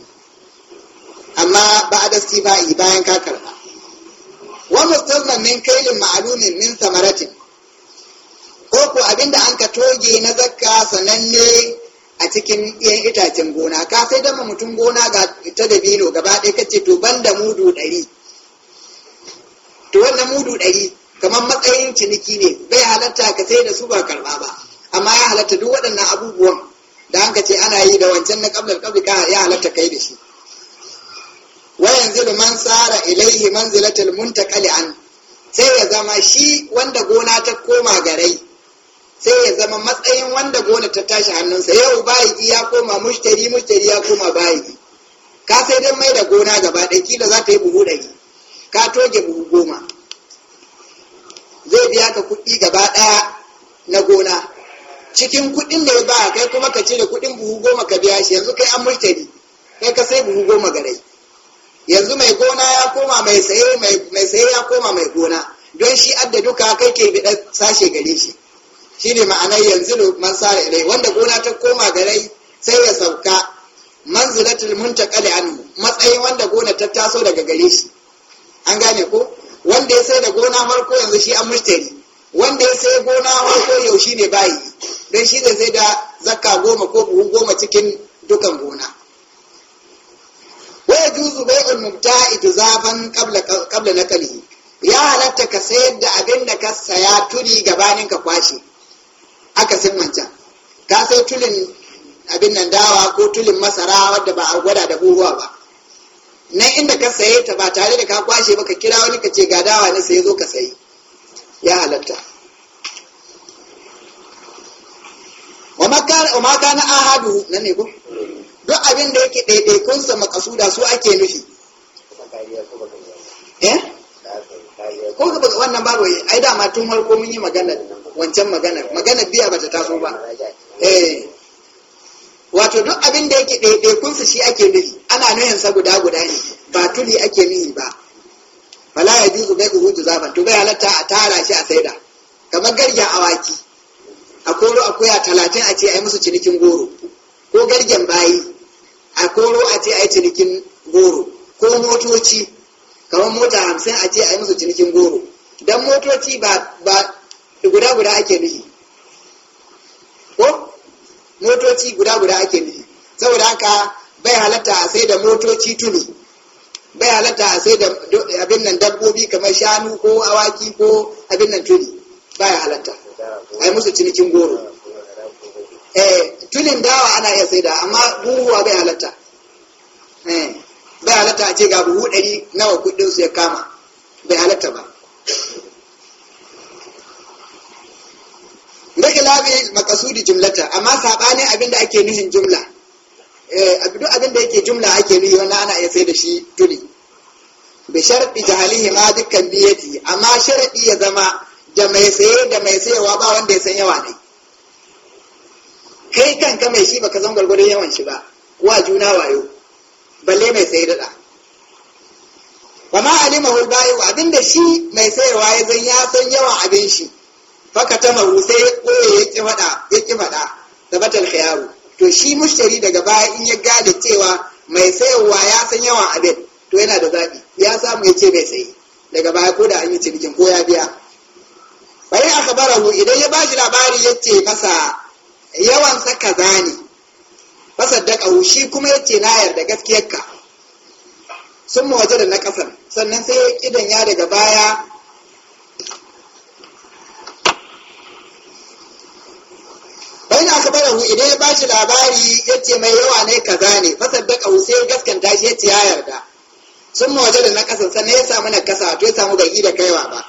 amma ba a ba bayan ka karba wa mustazman min kailin ma'alumin min samaratin ko abin abinda an ka toge na zakka sananne a cikin yan itacen gona ka sai dama mutum gona ga ta dabino gaba ɗaya kace to ban da mudu ɗari to wannan mudu ɗari kamar matsayin ciniki ne bai halatta ka sai da su ba karɓa ba amma ya halatta duk waɗannan abubuwan da an ce ana yi da wancan na ƙablar ƙabli ka ya halatta kai da shi wa yanzilu man tsara ilaihi manzilatul muntakali an sai ya zama shi wanda gona ta koma garai sai ya zama matsayin wanda gona ta tashi hannunsa yau yi ya koma mushtari mushtari ya koma bayigi ka sai dai mai da gona gaba ɗaya kila za ta yi buhu ɗari ka toge buhu goma zai biya ka kuɗi gaba ɗaya na gona cikin kuɗin da ya ba kai kuma ka cire kuɗin buhu goma ka biya shi yanzu kai an mushtari kai ka sai buhu goma garai yanzu mai gona ya koma mai saye mai saye ya koma mai gona don shi adda duka kai ke bi sashe gare shi shine ma'anar yanzu man sare dai wanda gona ta koma gare sai ya sauka manzilatul muntaqali an Matsayi wanda gona ta taso daga gare shi an gane ko wanda ya sai da gona farko yanzu shi an mushtari wanda ya sai gona farko yau shine ne bayi don shi zai sai da zakka goma ko buhu goma cikin dukan gona wai juzu bai ulmubta'i tuzaban kabla na ya halatta ka sayar da abin da ka saya tuli gabanin ka kwashe aka sin wancan ka sai tulin abin nan dawa ko tulin masara wadda ba a gwada da buruwa ba nan inda ka saye ta ba tare da ka kwashe ba ka kira wani ka ce ga dawa na zo ka sayi ya halatta wa maka na ahadu na ne ko duk abin da yake ɗaiɗaikunsa makasuda su ake nufi eh? ko ga baka wannan babu ai dama tun ko mun yi magana wancan magana magana biya bata taso ba eh wato duk abin da yake ɗaiɗaikunsa shi ake nufi ana nuhin sa guda guda ne ba tuli ake nufi ba Bala ya juzu bai kuhutu zafan to bai halatta a tara shi a saida kamar gargen awaki a koro akuya talatin a ce a yi musu cinikin goro ko gargen bayi a koro a ce a yi cinikin goro ko motoci kamar mota hamsin a ce a yi musu cinikin goro don motoci ba guda guda ake nufi ko motoci guda guda ake nufi saboda haka bai halatta a sai da motoci tuni bai halatta a sai da abin nan dabbobi kamar shanu ko awaki ko abin nan tuni bai halatta a yi musu cinikin goro dawa ana iya saida amma buhuwa bai halatta eh, bai halatta a ce ga buhu ɗari nawa kuɗin su ya kama bai halatta ba na kilabi makasudi jumlata amma saɓanin abin da ake nuhin jumla eh, a abin da yake jumla ake nuhi wani ana iya sai da shi tuli bi sharɗi jahalihi ma dukkan biyati amma sharɗi ya zama da mai saye da mai sayewa ba wanda ya san yawa ne kai kanka mai shi baka zan gwargwadon yawan shi ba wa juna wayo balle mai sayar da wa ma alimahu al-bayu abinda shi mai sayarwa ya zan ya san yawan abin shi faka ta mahu sai koya ya ki fada ya ki fada tabatal to shi mushtari daga baya in ya gane cewa mai sayarwa ya san yawan abin to yana da zaɓi ya samu ya ce mai sayi daga baya ko da an yi cinikin ko ya biya bayan akhbarahu idan ya bashi labari ya ce masa yawansa kaza ne fasaddaqahu shi kuma yace na yarda gaskiyarka sun waje da na kasar sannan sai ya kidan ya daga baya Bai na bayan akbarahu idan ya bashi labari yace mai yawa ne kaza ne fasaddaqahu sai ya gaskanta shi yace ya yarda sun waje da na kasar sannan ya samu na kasa to ya samu bai yi da kaiwa ba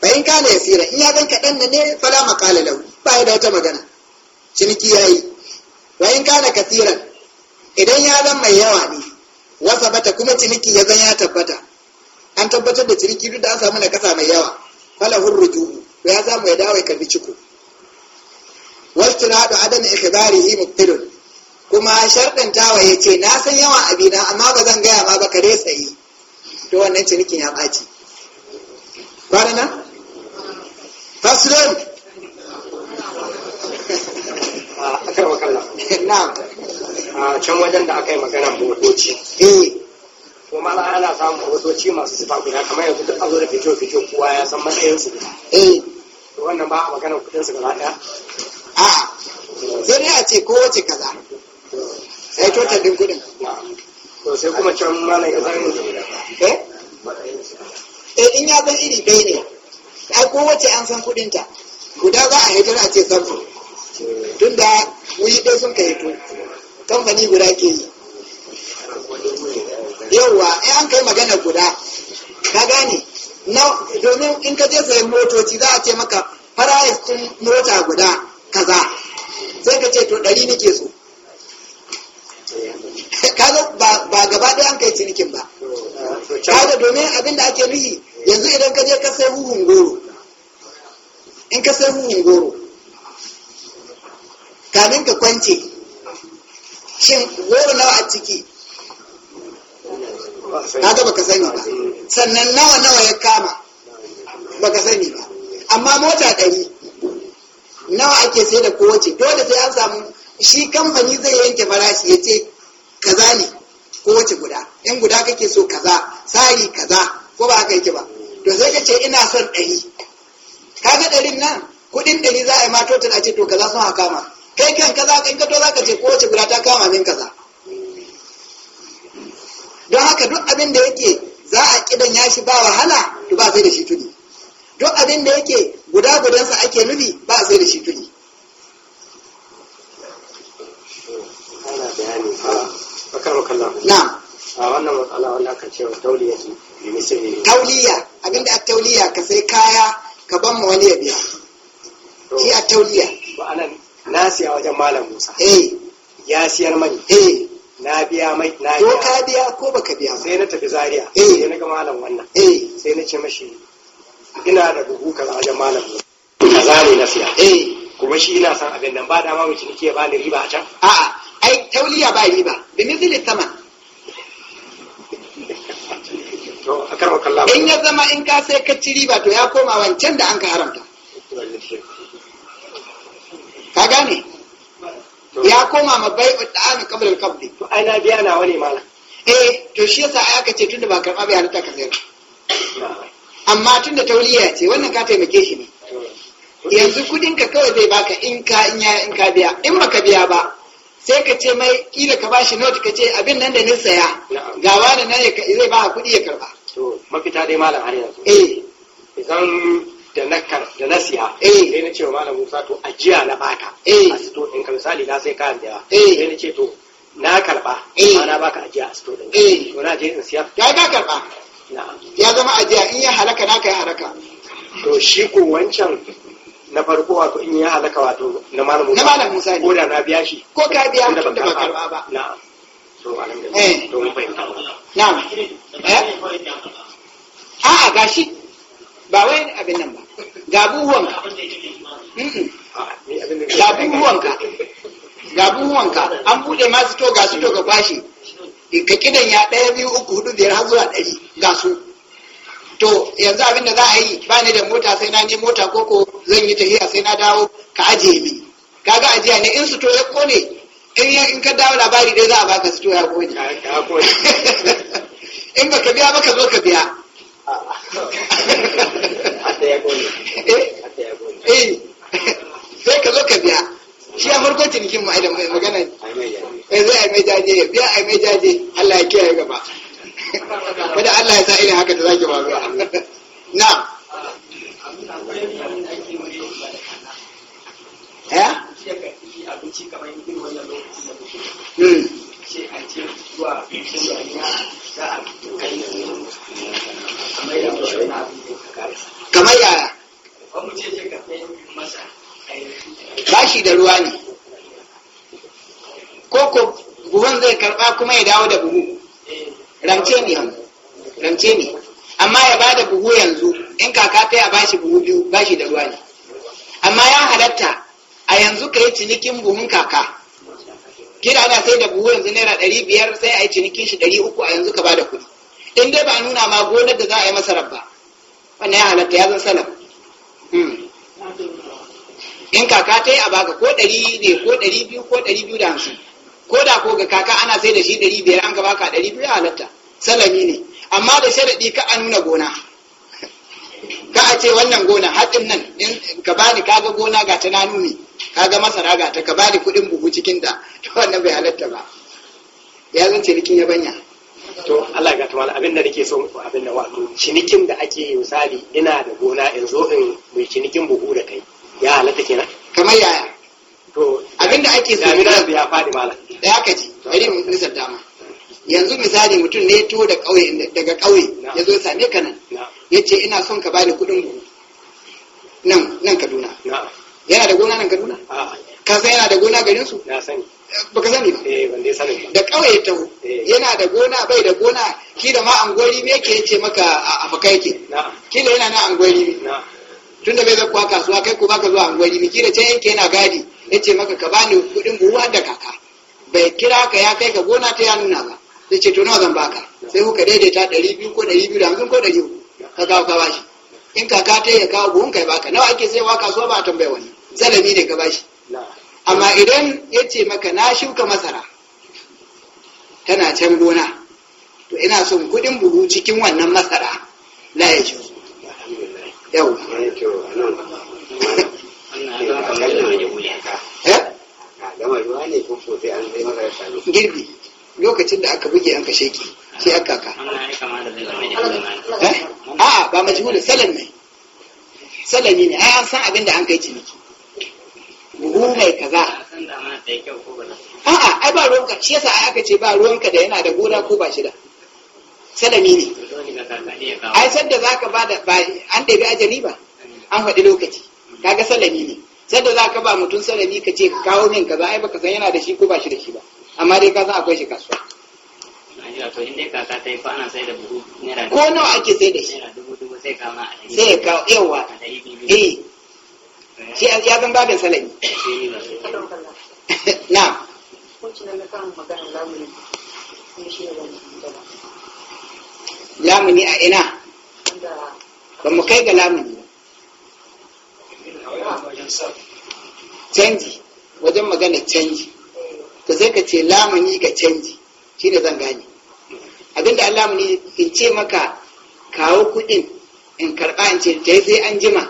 bayan kana yasira in ya zan kaɗan ne fala makala lahu ba ya da wata magana ciniki ya yi, in kana kasiran idan ya zan mai yawa ne wasa bata kuma ciniki ya zan ya tabbata an tabbatar da ciniki duk da an samu na kasa mai yawa hurru juhu ba ya zamu ya dawo ciko karbi ciko wastiradu adam ikhbarihi mubtilun kuma sharɗin tawa ya ce na san yawan abina amma ba zan gaya ma ba kare tsaye to wannan cinikin ya ɓaci kwana fasulun akar makalla na'am a can wajen da aka yi magana motoci eh to mala ana samun motoci masu sifa guda kamar yanzu duk a zo da fito fito kowa ya san matsayin su eh to wannan ba a magana kudin su gaba daya a sai dai a ce ko wace kaza sai to ta din kudin to sai kuma can mala ya zama eh eh in ya zan iri ɗaya ne ai ko wace an san kudinta guda za a hajjira a ce sabon tunda Wuyi ɗaya sun kai to kamfani guda ke yi yauwa ai an kai magana guda ka gane na domin in ka je sayan motoci za a ce maka price tun mota guda kaza sai ka ce to ɗari nake so kaga ba gaba ɗaya an kai cinikin ba kaga domin abin da ake nuhi yanzu idan ka je ka sai huhun goro in ka sai huhun goro kamin ka kwance shin goro nawa a ciki na ga baka sani ba sannan nawa nawa ya kama baka sani ba amma mota ɗari nawa ake sai da kowace dole sai an samu shi kamfani zai yanke farashi ya ce kaza ne kowace guda in guda kake so kaza tsari kaza ko ba haka yake ba to sai ka ce ina son ɗari kaga ɗarin nan kuɗin ɗari za a yi matotar a ce to kaza sun haka ma kan kaza in ka to za ka ce kowace guda ta kama min kaza don haka duk abin da yake za a kidan ya shi ba wahala to ba sai da shi tuni duk abin da yake guda gudansa ake nufi ba sai da shi tuni na a wannan matsala wanda aka ce tauliya tauliya abinda a tauliya ka sai kaya ka ban ma wani ya biya shi a tauliya na siya wajen malam musa eh ya siyar mani eh na biya mai na biya ko ka biya ko baka biya sai na tafi zaria eh sai na ga malam wannan eh sai na ce mashi ina da buhu kaza wajen malam musa kaza ne na siya eh kuma shi ina son abin nan ba dama mace nake ba ni riba a can a'a ai tauliya ba riba bi mithli thaman in ya zama in ka sai ka ci riba to ya koma wancan da an ka haramta ka gane ya koma ma bai ɗa'ami kabla kabli to ai na biya na wani mala eh to shi yasa ai aka ce tunda ba karɓa bai halitta ka sayar amma tunda tauliya ce wannan ka taimake shi ne yanzu kudin ka kawai zai baka in ka in ya in ka biya in baka biya ba sai ka ce mai kila ka bashi note ka ce abin nan da ni saya ga wani nan zai ba kudi ya karba to mafita dai malam har yanzu eh idan da na da na siya eh sai na ce wa malam Musa to ajiya na baka eh a sito in ka misali na sai kayan da yawa eh sai na ce to na karba eh. ma na baka ajiya a sito din eh to na je in siya ya ka karba na'am ya zama ajiya in ya halaka na kai halaka to shi ko wancan na farko wato in ya halaka wato na malam Musa na malam Musa ko da na biya shi ko ka biya tun da ba karba ba na'am to alhamdulillah eh. to mun fahimta na'am eh a'a gashi ba wai abin nan ba ga buhuwanka ga buhuwanka ga buhuwanka an buɗe masu to ga su to ga kwashe ka kidan ya ɗaya biyu uku hudu biyar har zuwa ɗari ga su to yanzu abin da za a yi ba ni da mota sai na ne mota koko zan yi tafiya sai na dawo ka ajiye mini kaga ajiya ne in su to ya kone in in ka dawo labari dai za a baka su to ya kone in baka biya baka zo ka biya eh sai ka zo ka biya shi a'a, farko cinikin ma idan mai magana eh zai ai mai jaje ya biya ai mai jaje Allah ya kiyaye gaba wanda Allah ya sa irin haka da za ki zuwa na eh a ce zuwa rayuwa za a fito kamar yadda wani abin da kare kamar yaya ba mu ce ce ka masa bashi da ruwa ne ko ko buhun zai karba kuma ya dawo da buhu eh. rance ne rance ne amma ya ba da buhu yanzu in kaka ta ya bashi buhu biyu bashi da ruwa ne amma ya halatta a yanzu ka yi cinikin buhun kaka kila ana sai da buhu yanzu naira ɗari biyar sai a yi cinikin shi ɗari uku a yanzu ka bada kuɗi in dai ba nuna ma gonar da za a yi masa rabba. wannan ya halatta ya zan salam hmm. in kaka ta yi a baka ko ɗari ne ko ɗari biyu ko ɗari biyu da hamsin ko da ko ga kaka ana sai da shi ɗari biyar an ka baka ɗari biyu ya halatta salami ne amma da sharaɗi ka a nuna gona ka a ce wannan gona haɗin nan ka bani kaga gona ga ta na nuni ga masara ga ta ka ba da kuɗin buhu cikin da. ta wannan bai halatta ba ya zan cinikin ya banya to Allah ya gata abin da nake so abin da wato cinikin da ake yi misali ina da gona in zo in mai cinikin buhu da kai ya halatta kenan kamar yaya to abin da ake so da ya fadi malam da ya kaji, to ai mun nisar dama yanzu misali mutum ne to da kauye daga kauye ya zo same ka nan yace ina son ka ba da kuɗin buhu nan nan Kaduna yana da gona nan kaduna ka san yana da gona garin su na sani baka sani ba eh ban dai sani ba da kawai ta eh. yana da gona bai da gona ki da ma angori me yake yace maka a faka yake ki da yana na angori ne tunda bai zai kasuwa kai ko baka zuwa angori ne ki da can yanke yana gadi yace maka ka bani kudin buwa da kaka bai kira ka ya kai ka gona ta ya nuna ba yace ce to nawa zan baka sai kuka daidaita ɗari biyu ko ɗari biyu da hamsin ko ɗari uku ka kawo ka bashi in kaka ta ya kawo buhun kai baka nawa ake sayawa kasuwa ba a tambaya wani zalami ne ka bashi amma idan ya ce maka na shuka masara tana can gona to ina son kuɗin buhu cikin wannan masara la ya shi yau eh? girbi lokacin da aka buge an kashe ki shi ka a eh? a'a ba majhulun salam ne salami ne ai an san abin da an kai ciniki buhu mai kaza a'a ai ba ruwanka shi yasa ai aka ce ba ruwanka da yana da gona ko ba shi da salami ne ai da zaka ba da an bi ajali ba an faɗi lokaci kaga salami ne da zaka ba mutum salami ka ce kawo min kaza ai baka san yana da shi ko ba shi da shi ba amma dai ka san akwai shi kasuwa ko nawa ake sai da shi naira dubu dubu sai kama ya yawa eh shi ya zan babin salami na lamuni a ina ba kai ga lamuni canji wajen magana canji eh. to sai ka ce lamuni ga canji shi ne zan gane abinda Allah ne in ce maka kawo kuɗin in karɓa in ce ta sai an jima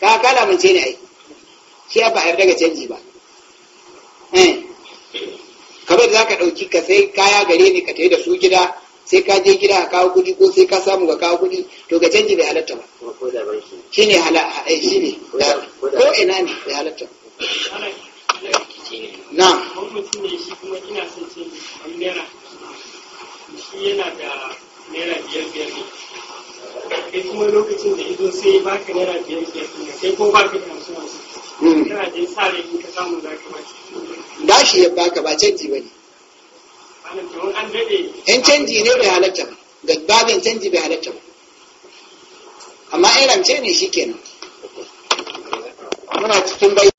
ka kala mun ce ne ai shi ya ba a yarda ga canji ba eh. kamar za ka ɗauki ka sai kaya gare ni ka tafi da su gida sai ka je gida a kawo kuɗi ko sai ka samu ga kawo kuɗi to ga canji bai halatta ba shi ne shi ne eh, ko ina ne bai halatta na shi yana da naira biyar biyar ne kai kuma lokacin da ido sai baka naira biyar biyar ne kai ko baka da hamsin hamsin hmm. kana da sa rai in ka samu za ka bace ba shi ya baka ba canji ba ne in canji ne bai halatta ba ga babin canji bai halatta ba amma in rance ne shi kenan muna cikin bai